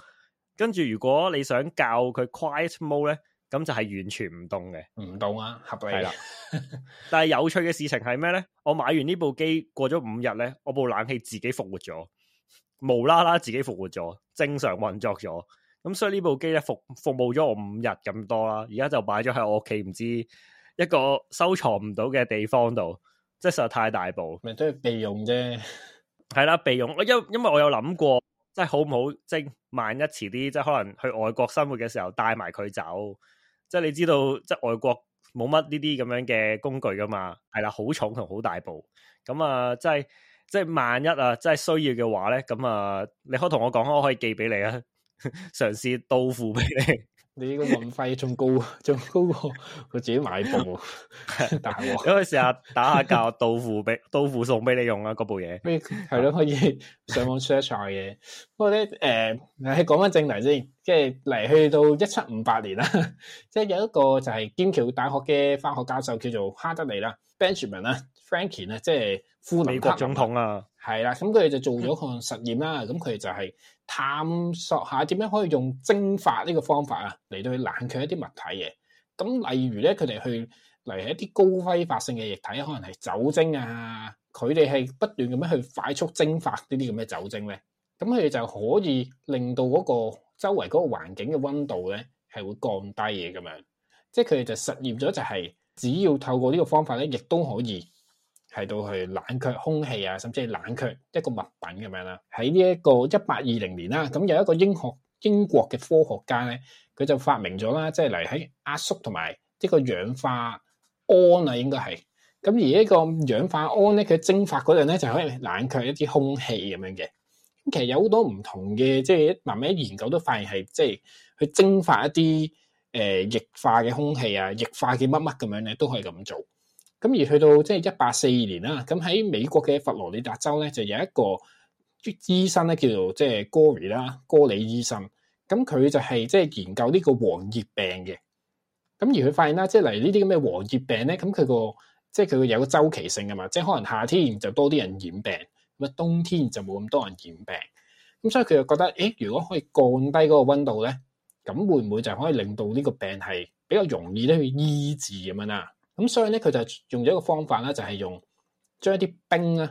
跟住如果你想教佢 quiet mode 咧，咁就係完全唔動嘅，唔動啊，合理啦。 *laughs* 但係有趣嘅事情係咩咧？我買完呢部機過咗五日咧，我部冷氣自己復活咗，無啦啦自己復活咗，正常運作咗。咁所以呢部機咧服服務咗我五日咁多啦，而家就擺咗喺我屋企，唔知一個收藏唔到嘅地方度，即係實在太大部，咪都係備用啫。係啦，備用。因為因為我有諗過，即係好唔好，即係萬一遲啲，即係可能去外國生活嘅時候帶埋佢走。即係你知道，即係外國冇乜呢啲咁樣嘅工具噶嘛。係啦，好重同好大部咁啊，即係即係萬一啊，真係需要嘅話咧，咁啊，你可以同我講，我可以寄俾你啊，嘗試到付俾你。你個運費仲高試試，仲高過佢自己買部，大但係，你可以試下打下教導付俾到付送俾你用啊，嗰部嘢，係咯，可以上網 search 嘢 *laughs* 不過咧，誒、呃，你講翻正題先，即係嚟去到一七五八年啦，即係有一個就係劍橋大學嘅化學教授叫做哈德利啦，Benjamin 啦，Frankie 啦，即係夫，美國總統啊。係啦，咁佢哋就做咗項實驗啦，咁佢哋就係探索下點樣可以用蒸發呢個方法啊嚟到去冷卻一啲物體嘅。咁例如咧，佢哋去嚟係一啲高揮發性嘅液體，可能係酒精啊，佢哋係不斷咁樣去快速蒸發呢啲咁嘅酒精咧，咁佢哋就可以令到嗰個周圍嗰個環境嘅溫度咧係會降低嘅咁樣。即係佢哋就實驗咗就係，只要透過呢個方法咧，亦都可以。係到去冷卻空氣啊，甚至係冷卻一個物品咁樣啦。喺呢一個一八二零年啦，咁有一個英學英國嘅科學家咧，佢就發明咗啦，即係嚟喺壓縮同埋一個氧化氨啊，應該係咁。而呢個氧化氨咧，佢蒸發嗰陣咧就可以冷卻一啲空氣咁樣嘅。咁其實有好多唔同嘅，即係慢慢研究都發現係即係去蒸發一啲誒、呃、液化嘅空氣啊，液化嘅乜乜咁樣咧，都可以咁做。咁而去到即係一八四二年啦，咁喺美國嘅佛羅里達州咧，就有一個醫生咧，叫做即係 Gory 啦，哥里醫生。咁佢就係即係研究呢個黃熱病嘅。咁而佢發現啦，即係嚟呢啲咁嘅黃熱病咧，咁佢會個即係佢有個週期性啊嘛，即係可能夏天就多啲人染病，咁啊冬天就冇咁多人染病。咁所以佢就覺得，誒，如果可以降低嗰個溫度咧，咁會唔會就可以令到呢個病係比較容易咧去醫治咁樣啊？咁所以咧，佢就用咗一個方法咧，就係用將一啲冰咧，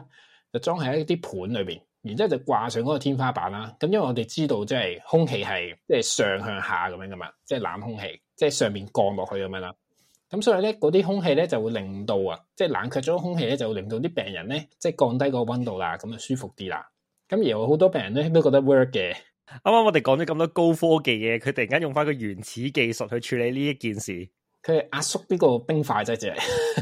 就裝喺一啲盤裏邊，然之後就掛上嗰個天花板啦。咁因為我哋知道，即係空氣係即係上向下咁樣噶嘛，即係冷空氣即係、就是、上面降落去咁樣啦。咁所以咧，嗰啲空氣咧就會令到啊，即係冷卻咗空氣咧，就會令到啲病人咧即係降低個溫度啦，咁就舒服啲啦。咁而有好多病人咧都覺得 work 嘅。啱啱我哋講咗咁多高科技嘅，佢突然間用翻個原始技術去處理呢一件事。佢阿叔呢個冰塊啫，就是、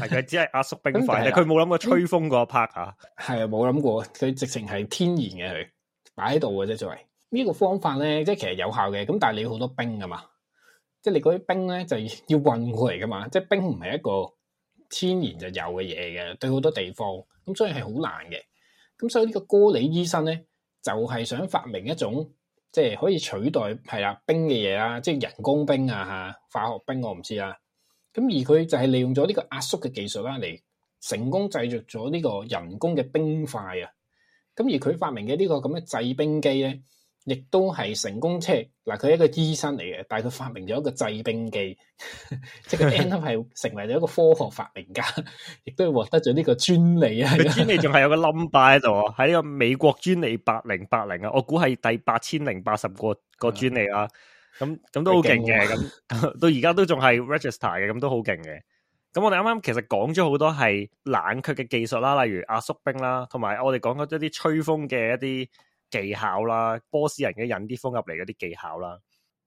*laughs* 佢只係只係阿叔冰塊，佢冇諗過吹風嗰 part 啊，係冇諗過佢直情係天然嘅佢擺喺度嘅啫，作係呢個方法咧，即係其實有效嘅。咁但係你好多冰噶嘛，即、就、係、是、你嗰啲冰咧就要運過嚟噶嘛，即係冰唔係一個天然就有嘅嘢嘅，對好多地方咁，所以係好難嘅。咁所以呢個哥里醫生咧就係、是、想發明一種即係、就是、可以取代係啦冰嘅嘢啦，即、就、係、是、人工冰啊，吓化學冰我唔知啊。咁而佢就係利用咗呢個壓縮嘅技術啦，嚟成功製作咗呢個人工嘅冰塊啊！咁而佢發明嘅呢個咁嘅製冰機咧，亦都係成功車嗱，佢係一個醫生嚟嘅，但係佢發明咗一個製冰機，即係 end up 係成為咗一個科學發明家，亦都獲得咗呢個專利啊！專 *laughs* 利仲係有個 number 喺度，喺呢個美國專利八零八零啊，我估係第八千零八十個個專利啊！咁咁都好勁嘅，咁到而家都仲係 register 嘅，咁都好勁嘅。咁我哋啱啱其實講咗好多係冷卻嘅技術啦，例如阿叔冰啦，同埋我哋講咗一啲吹風嘅一啲技巧啦，波斯人嘅引啲風入嚟嗰啲技巧啦，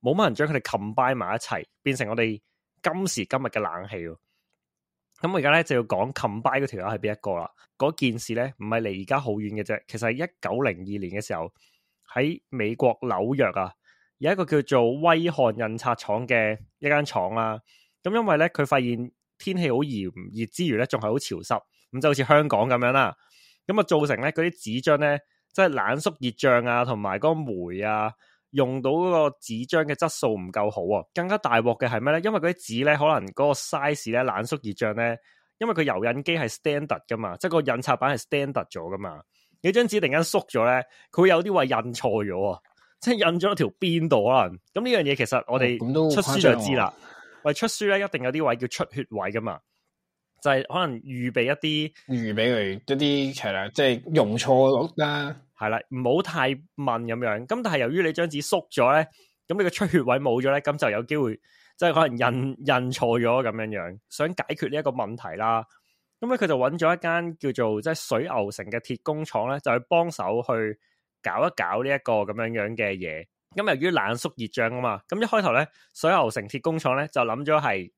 冇乜人將佢哋 combine 埋一齊，變成我哋今時今日嘅冷氣。咁我而家咧就要講 combine 嗰條友係邊一個啦？嗰件事咧唔係離而家好遠嘅啫，其實係一九零二年嘅時候喺美國紐約啊。有一個叫做威漢印刷廠嘅一間廠啦，咁因為咧佢發現天氣好炎熱之餘咧，仲係好潮濕，咁就好似香港咁樣啦，咁啊造成咧嗰啲紙張咧即係冷縮熱脹啊，同埋嗰個霉啊，用到嗰個紙張嘅質素唔夠好啊，更加大鑊嘅係咩咧？因為嗰啲紙咧可能嗰個 size 咧冷縮熱脹咧，因為佢油印機係 standard 噶嘛，即係個印刷版係 standard 咗噶嘛，你張紙突然間縮咗咧，佢有啲話印錯咗啊。即係印咗條邊度可能，咁呢樣嘢其實我哋出書就知啦。為、哦、出書咧，一定有啲位叫出血位噶嘛，就係、是、可能預備一啲預備佢一啲其實即係用錯啦，係啦，唔好太問咁樣。咁但係由於你張紙縮咗咧，咁你個出血位冇咗咧，咁就有機會即係、就是、可能印印錯咗咁樣樣。想解決呢一個問題啦，咁咧佢就揾咗一間叫做即係水牛城嘅鐵工廠咧，就去幫手去。搞一搞呢一個咁樣樣嘅嘢，咁、嗯、由於冷縮熱脹啊嘛，咁一開頭咧，水牛城鐵工廠咧就諗咗係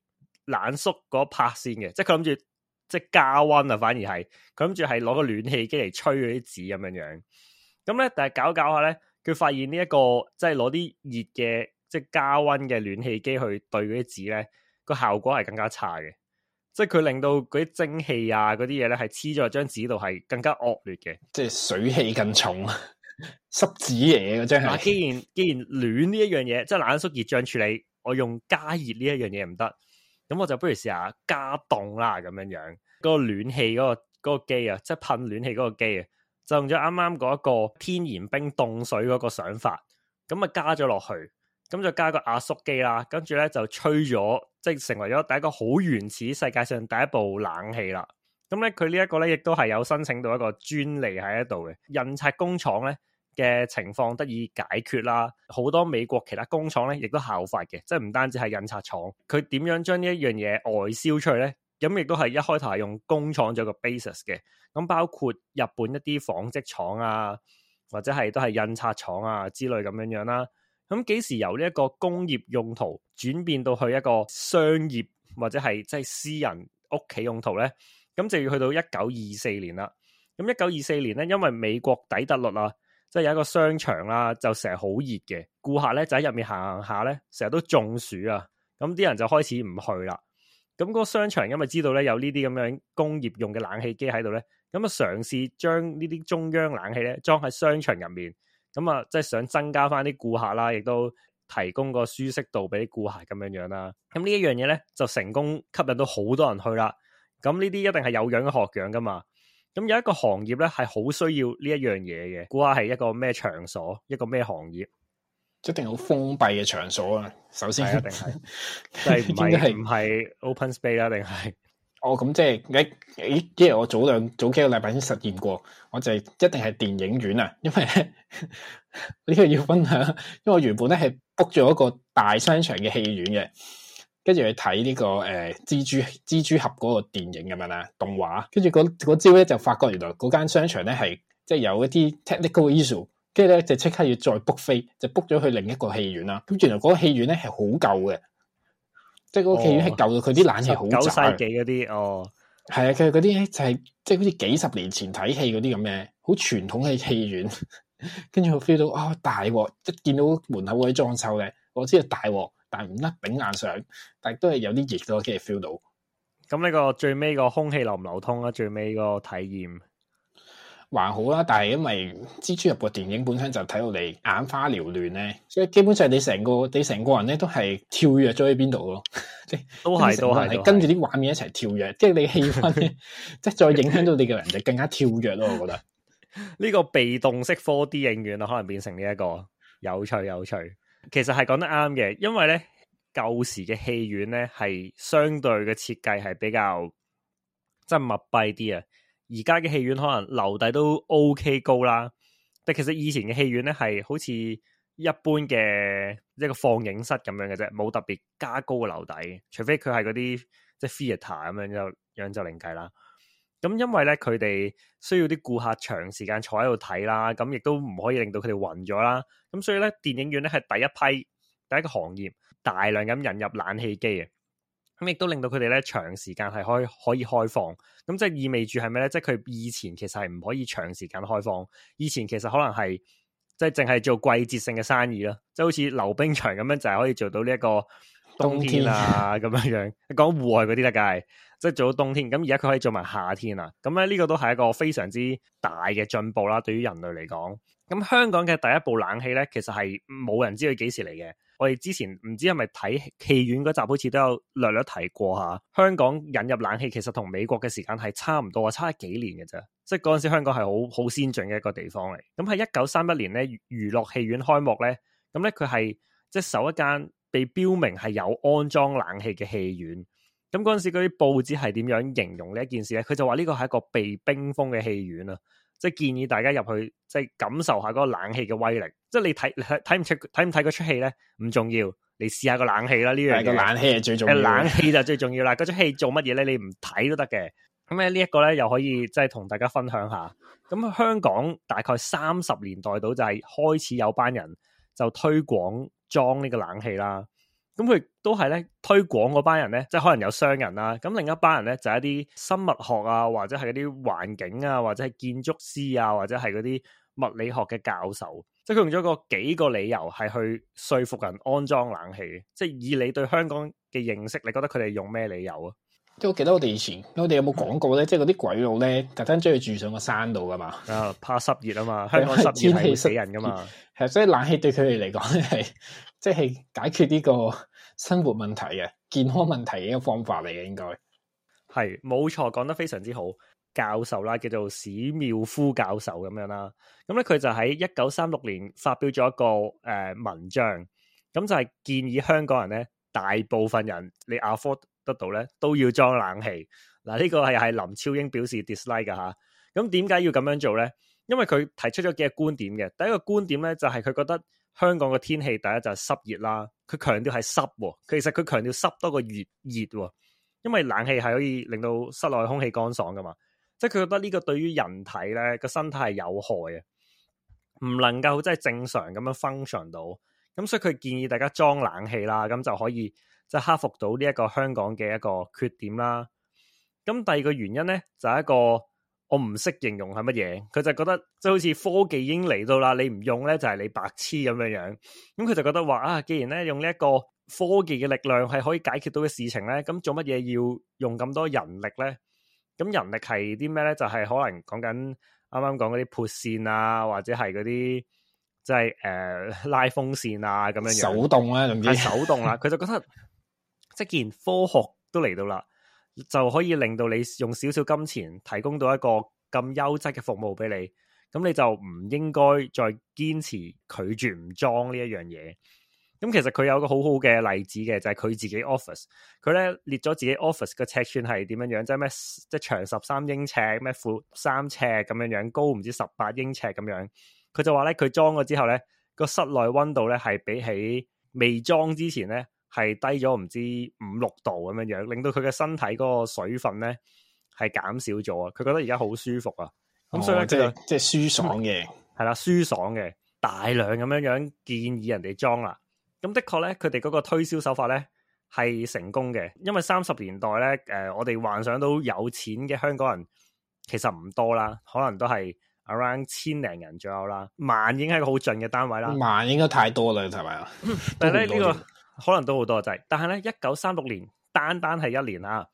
冷縮嗰 part 先嘅，即係佢諗住即係加溫啊，反而係佢諗住係攞個暖氣機嚟吹嗰啲紙咁樣樣，咁、嗯、咧，但係搞搞下咧，佢發現呢、這、一個即係攞啲熱嘅，即係加溫嘅暖氣機去對嗰啲紙咧，個效果係更加差嘅，即係佢令到嗰啲蒸汽啊，嗰啲嘢咧係黐咗喺張紙度係更加惡劣嘅，即係水氣更重。 *laughs* 濕紙嘢嗰張嗱既然既然暖呢一樣嘢， *laughs* 即係冷縮熱脹處理，我用加熱呢一樣嘢唔得，咁我就不如試下加凍啦，咁樣樣嗰個暖氣嗰個嗰個機啊，即係噴暖氣嗰個機啊，就用咗啱啱嗰一個天然冰凍水嗰個想法，咁啊加咗落去，咁就加個壓縮機啦，跟住咧就吹咗，即係成為咗第一個好原始世界上第一部冷氣啦。咁咧，佢呢一個咧，亦都係有申請到一個專利喺一度嘅印刷工廠咧嘅情況得以解決啦。好多美國其他工廠咧，亦都效法嘅，即係唔單止係印刷廠，佢點樣將呢一樣嘢外銷出去咧？咁亦都係一開頭係用工廠做個 basis 嘅。咁包括日本一啲紡織廠啊，或者係都係印刷廠啊之類咁樣樣啦。咁幾時由呢一個工業用途轉變到去一個商業或者係即係私人屋企用途咧？咁就要去到一九二四年啦。咁一九二四年咧，因為美國底特律啦，即係有一個商場啦，就成日好熱嘅，顧客咧就喺入面行行下咧，成日都中暑啊。咁啲人就開始唔去啦。咁個商場因為知道咧有呢啲咁樣工業用嘅冷氣機喺度咧，咁啊嘗試將呢啲中央冷氣咧裝喺商場入面，咁啊即係想增加翻啲顧客啦，亦都提供個舒適度俾啲顧客咁樣樣啦。咁呢一樣嘢咧就成功吸引到好多人去啦。咁呢啲一定係有樣學樣噶嘛？咁有一個行業咧係好需要呢一樣嘢嘅，估下係一個咩場所，一個咩行業？一定好封閉嘅場所啊！首先一定係，係唔係唔係 open space 啦？定係？哦，咁、嗯、即係，咦？因為我早兩早幾個禮拜先實驗過，我就係、是、一定係電影院啊！因為呢 *laughs* 個要分享，因為我原本咧係 book 咗一個大商場嘅戲院嘅。跟住去睇呢、這個誒、呃、蜘蛛蜘蛛俠嗰個電影咁樣啦，動畫，跟住嗰招咧就發覺原來嗰間商場咧係即係有一啲 technical issue，跟住咧就即刻要再 book 飛，就 book 咗去另一個戲院啦。咁原來嗰個戲院咧係好舊嘅、哦，即係個戲院係舊到佢啲冷氣好舊晒嘅嗰啲哦，係啊，佢嗰啲就係、是、即係好似幾十年前睇戲嗰啲咁嘅好傳統嘅戲院，跟住佢 feel 到啊大鑊，一見到門口嗰啲裝修嘅，我知道大鑊。但唔甩頂硬上，但係都係有啲熱都可以 feel 到。咁呢個最尾個空氣流唔流通咧？最尾個體驗還好啦，但係因為蜘蛛俠嘅電影本身就睇到你眼花繚亂咧，所以基本上你成個你成個人咧都係跳躍咗喺邊度咯。都係都係， *laughs* 你跟住啲畫面一齊跳躍，即係你氣氛即係 *laughs* 再影響到你嘅人就更加跳躍咯。我覺得呢、這個被動式 4D 影院啊，可能變成呢、這、一個有趣有趣。其實係講得啱嘅，因為咧舊時嘅戲院咧係相對嘅設計係比較即係密閉啲啊。而家嘅戲院可能樓底都 OK 高啦，但其實以前嘅戲院咧係好似一般嘅一個放映室咁樣嘅啫，冇特別加高嘅樓底，除非佢係嗰啲即係 theater 咁樣，樣就樣就另計啦。咁因為咧，佢哋需要啲顧客長時間坐喺度睇啦，咁亦都唔可以令到佢哋暈咗啦。咁所以咧，電影院咧係第一批第一個行業大量咁引入冷氣機啊，咁亦都令到佢哋咧長時間係可以可以開放。咁即係意味住係咩咧？即係佢以前其實係唔可以長時間開放，以前其實可能係即係淨係做季節性嘅生意啦。即係好似溜冰場咁樣，就係可以做到呢一個冬天呀咁樣樣。你講戶外嗰啲梗係。即係做到冬天，咁而家佢可以做埋夏天啊，咁咧呢個都係一個非常之大嘅進步啦，對於人類嚟講。咁香港嘅第一部冷氣咧，其實係冇人知佢幾時嚟嘅。我哋之前唔知係咪睇戲院嗰集，好似都有略略提過吓。香港引入冷氣其實同美國嘅時間係差唔多啊，差幾年嘅啫。即係嗰陣時香港係好好先進嘅一個地方嚟。咁喺一九三一年咧，娛樂戲院開幕咧，咁咧佢係即係首一間被標明係有安裝冷氣嘅戲院。咁嗰陣時嗰啲報紙係點樣形容呢一件事咧？佢就話呢個係一個被冰封嘅戲院啊，即係建議大家入去，即係感受下嗰個冷氣嘅威力。即係你睇睇唔出睇唔睇嗰出戲咧，唔重要，你試下個冷氣啦。呢樣嘢個冷氣係最重要，冷氣就最重要啦。嗰出戲做乜嘢咧？你唔睇都得嘅。咁咧呢一個咧又可以即係同大家分享下。咁香港大概三十年代到就係開始有班人就推廣裝呢個冷氣啦。咁佢都係咧推廣嗰班人咧，即係可能有商人啦，咁另一班人咧就係一啲生物學啊，或者係嗰啲環境啊，或者係建築師啊，或者係嗰啲物理學嘅教授，即係佢用咗個幾個理由係去說服人安裝冷氣。即係以你對香港嘅認識，你覺得佢哋用咩理由啊？即係我記得我哋以前，我哋有冇講過咧、嗯？即係嗰啲鬼佬咧特登將佢住上個山度噶嘛，啊怕濕熱啊嘛，香港濕熱死人噶嘛，係 *laughs* 所以冷氣對佢哋嚟講咧係即係解決呢、這個。生活問題嘅健康問題嘅一個方法嚟嘅，應該係冇錯，講得非常之好。教授啦，叫做史妙夫教授咁樣啦。咁咧，佢就喺一九三六年發表咗一個誒、呃、文章，咁就係建議香港人咧，大部分人你 afford 得到咧，都要裝冷氣。嗱，呢個係係林超英表示 dislike 嘅吓，咁點解要咁樣做咧？因為佢提出咗幾個觀點嘅。第一個觀點咧，就係、係、佢覺得。香港嘅天氣第一就係濕熱啦，佢強調係濕，其實佢強調濕多過熱熱，因為冷氣係可以令到室內空氣乾爽噶嘛，即係佢覺得呢個對於人體咧個身體係有害嘅，唔能夠即係正常咁樣 function 到，咁所以佢建議大家裝冷氣啦，咁就可以即係克服到呢一個香港嘅一個缺點啦。咁第二個原因咧就係、是、一個。我唔識形容係乜嘢，佢就覺得即係、就是、好似科技已經嚟到啦，你唔用咧就係你白痴咁樣樣。咁佢就覺得話啊，既然咧用呢一個科技嘅力量係可以解決到嘅事情咧，咁做乜嘢要用咁多人力咧？咁人力係啲咩咧？就係、是、可能講緊啱啱講嗰啲潑線啊，或者係嗰啲即係誒拉風扇啊咁樣樣，手動咧總之係手動啦、啊。佢 *laughs* 就覺得即係、就是、既然科學都嚟到啦。就可以令到你用少少金錢提供到一個咁優質嘅服務俾你，咁你就唔應該再堅持拒絕唔裝呢一樣嘢。咁其實佢有個好好嘅例子嘅，就係佢自己 office，佢咧列咗自己 office 嘅尺寸係點樣樣，即係咩，即係長十三英尺，咩闊三尺咁樣樣，高唔知十八英尺咁樣。佢就話咧，佢裝咗之後咧，個室內溫度咧係比起未裝之前咧。係低咗唔知五六度咁樣樣，令到佢嘅身體嗰個水分咧係減少咗啊！佢覺得而家好舒服啊！咁、哦、所以咧，佢就即係舒爽嘅，係、嗯、啦，舒爽嘅大量咁樣樣建議人哋裝啦。咁的確咧，佢哋嗰個推銷手法咧係成功嘅，因為三十年代咧，誒、呃，我哋幻想到有錢嘅香港人其實唔多啦，可能都係 around 千零人左右啦，萬已經係個好盡嘅單位啦，萬應該太多啦，係咪啊？ *laughs* 但係是咧呢、 *laughs* 這個。可能都好多就係，但係咧一九三六年單單係一年啊，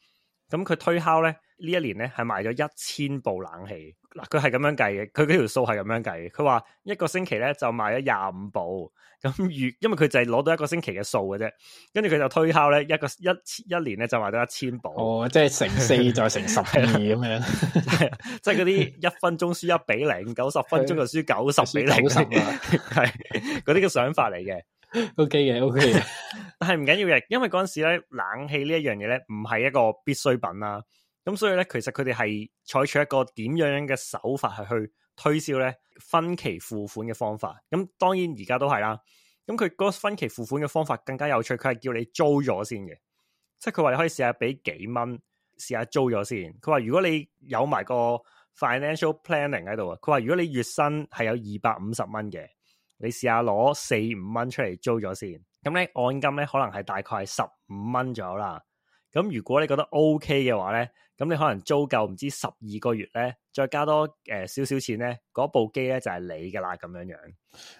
咁佢推敲咧呢一年咧係賣咗一千部冷氣嗱，佢係咁樣計嘅，佢嗰條數係咁樣計嘅。佢話一個星期咧就賣咗廿五部，咁因為佢就係攞到一個星期嘅數嘅啫，跟住佢就推敲咧一個一一年咧就賣咗一千部。哦，即係乘四再乘十二咁樣，即係嗰啲一分鐘輸一比零，九十分鐘就輸九十比零，係嗰啲嘅想法嚟嘅。O K 嘅，O K 嘅，但係唔緊要嘅，因為嗰陣時咧，冷氣呢一樣嘢咧，唔係一個必需品啦，咁所以咧，其實佢哋係採取一個點樣樣嘅手法係去推銷咧，分期付款嘅方法，咁當然而家都係啦，咁佢嗰分期付款嘅方法更加有趣，佢係叫你租咗先嘅，即係佢話你可以試下俾幾蚊，試下租咗先，佢話如果你有埋個 financial planning 喺度啊，佢話如果你月薪係有二百五十蚊嘅。你試下攞四五蚊出嚟租咗先，咁咧按金咧可能係大概係十五蚊左右啦。咁如果你覺得 OK 嘅話咧，咁你可能租夠唔知十二個月咧，再加多誒少少錢咧，嗰部機咧就係、是、你噶啦咁樣樣。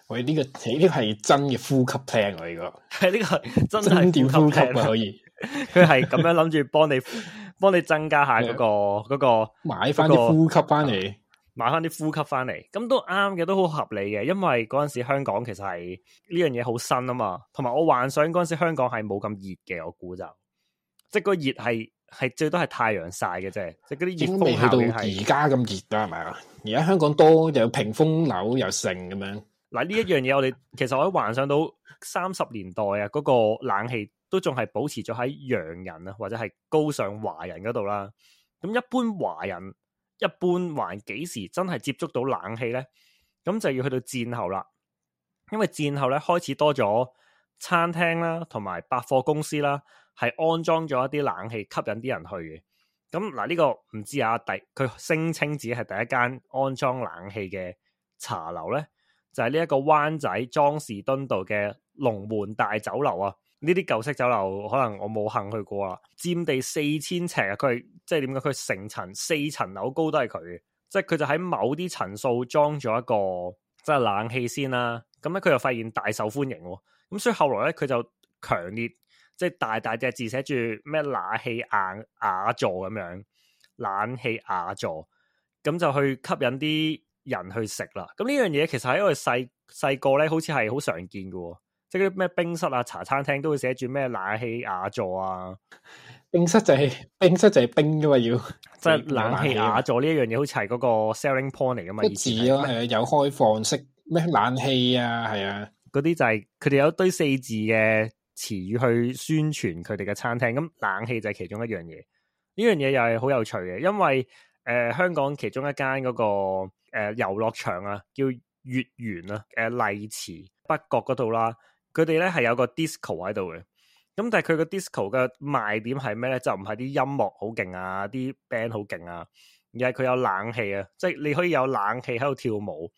喂，呢、這個呢、這個係真嘅呼吸 plan 我呢個係呢 *laughs* 個真係點呼吸，啊，呼吸啊，可以。佢係咁樣諗住幫你幫你增加下嗰、那個嗰、那個買翻啲、那個那個、呼吸翻嚟。買翻啲呼吸翻嚟，咁都啱嘅，都好合理嘅，因為嗰陣時香港其實係呢樣嘢好新啊嘛，同埋我幻想嗰陣時香港係冇咁熱嘅，我估就即係個熱係係最多係太陽曬嘅啫，即係嗰啲熱風效應係而家咁熱噶係咪啊？而家香港多又有屏風樓又盛咁樣，嗱，呢一樣嘢我哋 *laughs* 其實我幻想到三十年代啊，嗰、嗰個冷氣都仲係保持咗喺洋人啊或者係高尚華人嗰度啦，咁一般華人。一般還幾時真係接觸到冷氣呢？咁就要去到戰後啦，因為戰後咧開始多咗餐廳啦，同埋百貨公司啦，係安裝咗一啲冷氣吸引啲人去嘅。咁嗱，呢個唔知啊，第佢聲稱自己係第一間安裝冷氣嘅茶樓呢，就係呢一個灣仔莊士敦道嘅龍門大酒樓啊。呢啲舊式酒樓可能我冇幸去過啦，佔地四千尺啊！佢係即係點講？佢成層四層樓高都係佢嘅，即係佢就喺某啲層數裝咗一個即係冷氣先啦、啊。咁咧佢就發現大受歡迎、啊，咁所以後來咧佢就強烈即係大大隻字寫住咩冷氣雅座咁樣冷氣雅座，咁就去吸引啲人去食啦。咁呢樣嘢其實係因為細細個咧，好似係好常見嘅、啊。即係啲咩冰室啊、茶餐廳都會寫住咩冷氣雅座啊，冰室就係、係、冰室就係冰噶嘛，要即係冷氣雅座呢一樣嘢，好似係嗰個 selling point 嚟噶嘛，字咯、啊，係有開放式咩冷氣啊，係啊，嗰啲就係佢哋有一堆四字嘅詞語去宣傳佢哋嘅餐廳，咁冷氣就係其中一樣嘢，呢樣嘢又係好有趣嘅，因為誒、呃、香港其中一間嗰、嗰個誒遊樂場啊，叫月園啊，誒、呃、麗池北角嗰度啦。佢哋咧係有個 disco 喺度嘅，咁但係佢個 disco 嘅賣點係咩咧？就唔係啲音樂好勁啊，啲 band 好勁啊，而係佢有冷氣啊，即係你可以有冷氣喺度跳舞，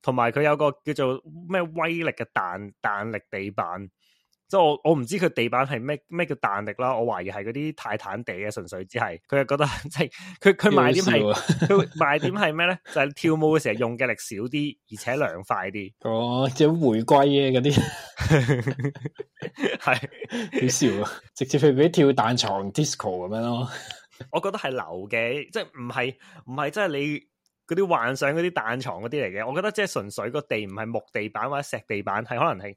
同埋佢有，有個叫做咩威力嘅彈彈，彈力地板。即係我我唔知佢地板係咩，咩叫彈力啦，我懷疑係嗰啲泰坦地嘅，純粹只係佢又覺得即係佢佢賣點係佢賣點係咩咧？就係、是、跳舞嘅時候用嘅力少啲，而且涼快啲。哦，即係回歸嘅嗰啲，係 *laughs* 是 *laughs* 好笑啊！直接去俾跳彈床 disco 咁樣咯。我覺得係流嘅，即係唔係唔係，即係你嗰啲幻想嗰啲彈床嗰啲嚟嘅。我覺得即係純粹個地唔係木地板或者石地板，係可能係。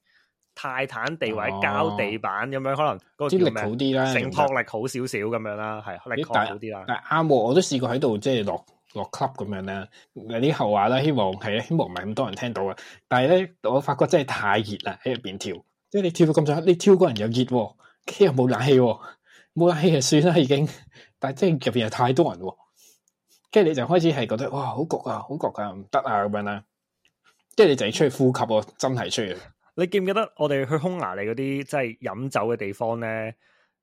泰坦地圍膠、哦、地板咁樣，可能嗰個力好啲啦，承托力好少少咁樣啦，係力大好啲啦。但啱，我都試過喺度即係落落 club 咁樣啦。嗱啲後話啦，希望係希望唔係咁多人聽到嘅。但係咧，我發覺真係太熱啦喺入邊跳，即係你跳到咁上下，你跳嗰人又熱，佢又冇冷氣，冇冷氣就算啦已經。但係即係入邊有太多人，跟住你就開始係覺得哇好焗啊，好焗啊，唔得啊咁樣啦。即係你就要出去呼吸，真係出去。你記唔記得我哋去匈牙利嗰啲即係飲酒嘅地方咧，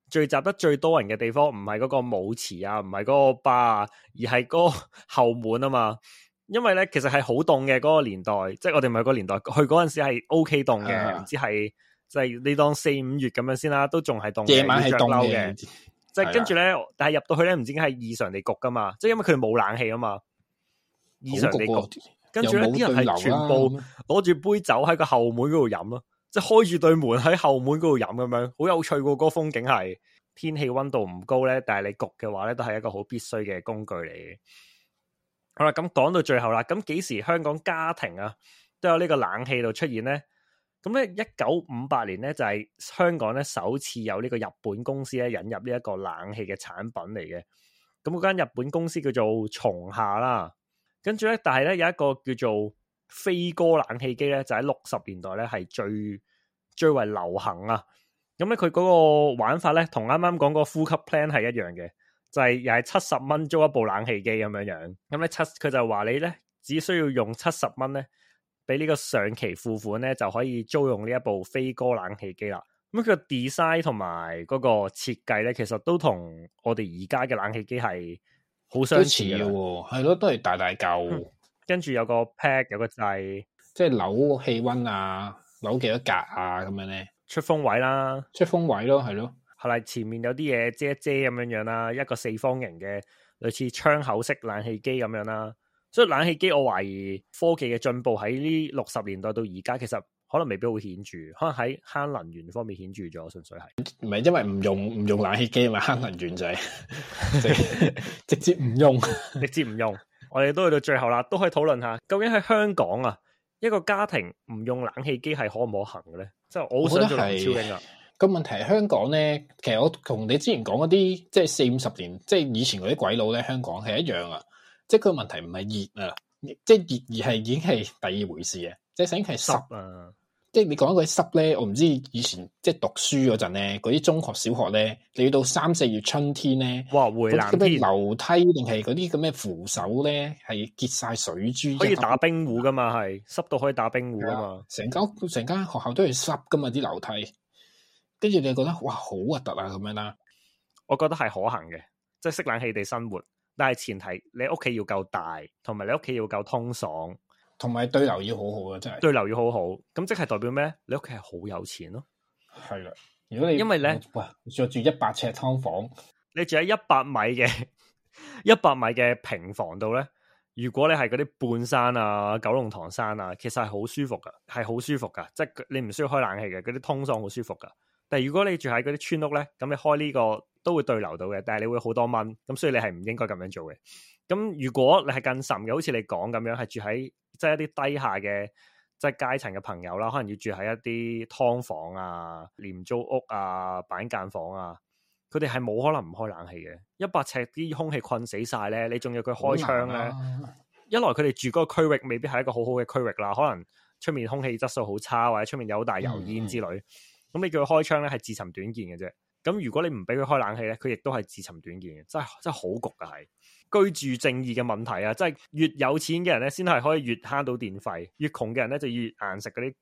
聚集得最多人嘅地方，唔係嗰個舞池啊，唔係嗰個巴啊，而係個後門啊嘛。因為咧，其實係好凍嘅嗰個年代，即係我哋咪嗰個年代去嗰陣時係 O.K. 凍嘅，唔知係就係你當四五月咁樣先啦，都仲係凍，夜晚係凍嘅，即係跟住咧，但係入到去咧，唔知係異常地焗噶嘛，即係因為佢冇冷氣啊嘛，異常地焗。跟住咧，啲人係全部攞住杯酒喺個後門嗰度飲咯，即、啊、係開住對門喺後門嗰度飲咁樣，好有趣噶、嗰個風景係。天氣溫度唔高咧，但係你焗嘅話咧，都係一個好必須嘅工具嚟嘅。好啦，咁講到最後啦，咁幾時香港家庭啊都有呢個冷氣度出現呢？咁咧一九五八年咧就係、是、香港咧首次有呢個日本公司咧引入呢一個冷氣嘅產品嚟嘅。咁嗰間日本公司叫做松下啦。跟住咧，但係咧有一個叫做飛歌冷氣機咧，就喺六十年代咧係最最為流行啊！咁咧佢嗰個玩法咧，同啱啱講嗰個呼吸 plan 係一樣嘅，就係、是、又係七十蚊租一部冷氣機咁樣樣。咁咧七佢就話你咧只需要用七十蚊咧，俾呢個上期付款咧就可以租用呢一部飛歌冷氣機啦。咁佢個 design 同埋嗰個設計咧，其實都同我哋而家嘅冷氣機係。好相似嘅喎，係咯，都係大大舊、嗯，跟住有個 pack，有個掣，即係扭氣溫啊，扭幾多格啊咁樣咧，出風位啦，出風位咯，係咯，係啦，前面有啲嘢遮一遮咁樣樣啦，一個四方形嘅類似窗口式冷氣機咁樣啦，所以冷氣機我懷疑科技嘅進步喺呢六十年代到而家，其實。可能未必會顯著，可能喺慳能源方面顯著咗，純粹係唔係？不是因為唔用唔用冷氣機嘛，慳能源就係、是、 *laughs* *laughs* 直接唔不用， *laughs* 直接唔用。我哋都去到最後啦，都可以討論下究竟喺香港啊，一個家庭唔用冷氣機係可唔可行嘅咧？即係我覺得係超勁啊！個 *laughs* 問題係香港咧，其實我同你之前講嗰啲，即係四五十年，即係以前嗰啲鬼佬咧，香港係一樣啊！即係佢個問題唔係熱啊，即係熱而係已經係第二回事是啊！即係醒經係濕啊！即係你講嗰啲濕咧，我唔知以前即係、就是、讀書嗰陣咧，嗰啲中學、小學咧，你要到三四月春天咧，哇，回南天，樓梯定係嗰啲咁嘅扶手咧，係結晒水珠，可以打冰壺噶嘛？係濕到可以打冰壺噶嘛？成間屋、成間學校都係濕噶嘛？啲樓梯，跟住你覺得哇，好核突啊咁樣啦？我覺得係可行嘅，即係熄冷氣地生活，但係前提你屋企要夠大，同埋你屋企要夠通爽。同埋對流要好好嘅，真係對流要好好。咁即係代表咩？你屋企係好有錢咯。係啦，如果你因為咧，喂，我住一百尺劏房，你住喺一百米嘅、一百米嘅平房度咧，如果你係嗰啲半山啊、九龍塘山啊，其實係好舒服噶係好舒服噶即係你唔需要開冷氣嘅，嗰啲通爽好舒服噶。但係如果你住喺嗰啲村屋咧，咁你開呢個都會對流到嘅，但係你會好多蚊，咁所以你係唔應該咁樣做嘅。咁如果你係更甚嘅，好似你講咁樣，係住喺。即、係一啲低下嘅即係階層嘅朋友啦，可能要住喺一啲劏房啊、廉租屋啊、板間房啊，佢哋係冇可能唔開冷氣嘅。一百尺啲空氣困死晒咧，你仲要佢開窗咧，啊？一來佢哋住嗰個區域未必係一個好好嘅區域啦，可能出面空氣質素好差，或者出面有大油煙之類。咁、嗯、你叫佢開窗咧，係自尋短見嘅啫。咁如果你唔俾佢開冷氣咧，佢亦都係自尋短見嘅，真係真係好焗嘅係。居住正義嘅問題啊，即係越有錢嘅人咧，先係可以越慳到電費；越窮嘅人咧，就越硬食嗰啲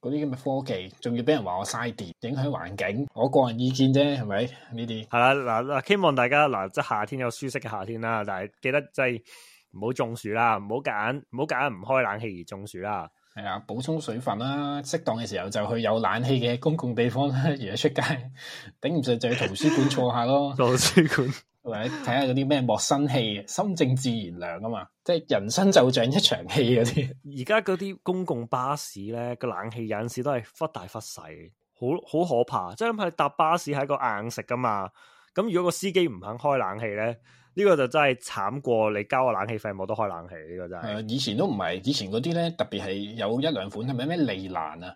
嗰啲咁嘅科技，仲要俾人話我嘥電，影響環境。我個人意見啫，係咪？呢啲？係啦，嗱嗱，希望大家嗱，即係夏天有舒適嘅夏天啦，但係記得即係唔好中暑啦，唔好揀唔好揀唔開冷氣而中暑啦。係啊，補充水分啦，適當嘅時候就去有冷氣嘅公共地方啦，而家出街頂唔順就去圖書館坐下咯。圖書館或者睇下嗰啲咩莫生氣，心靜自然涼啊嘛，即係人生就像一場戲嗰啲。而家嗰啲公共巴士咧，個冷氣有陣時都係忽大忽細，好好可怕。即係諗下搭巴士係個硬食噶嘛。咁如果個司機唔肯開冷氣咧，呢個就真係慘過你交個冷氣費冇得開冷氣，呢個真係。以前都唔係，以前嗰啲咧，特別係有一兩款係咪咩利蘭啊，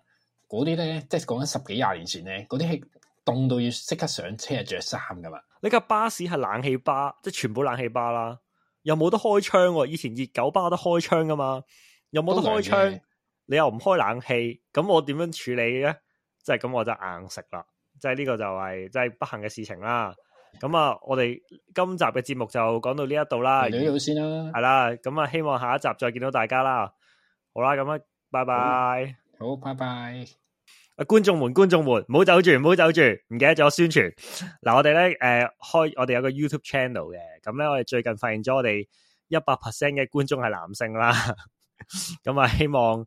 嗰啲咧，即係講緊十幾廿年前咧，嗰啲係凍到要即刻上車係着衫噶嘛。你架巴士係冷氣巴，即係全部冷氣巴啦，又冇得開窗喎。以前熱狗巴都開窗噶嘛，又冇得開窗，你又唔開冷氣，咁我點樣處理咧？即係咁我就硬食啦，即係呢個就係即係不幸嘅事情啦。咁啊，我哋今集嘅節目就講到呢一度啦，你好先啦，係啦，咁啊，希望下一集再見到大家啦。好啦，咁啊，拜拜，好，好拜拜。啊，觀眾們，觀眾們，唔好走住，唔好走住，唔記得咗宣傳。嗱、 *laughs* 啊，我哋咧，誒、呃，開我哋有個 YouTube channel 嘅，咁咧，我哋最近發現咗我哋一百 percent 嘅觀眾係男性啦，咁 *laughs* 啊，希望。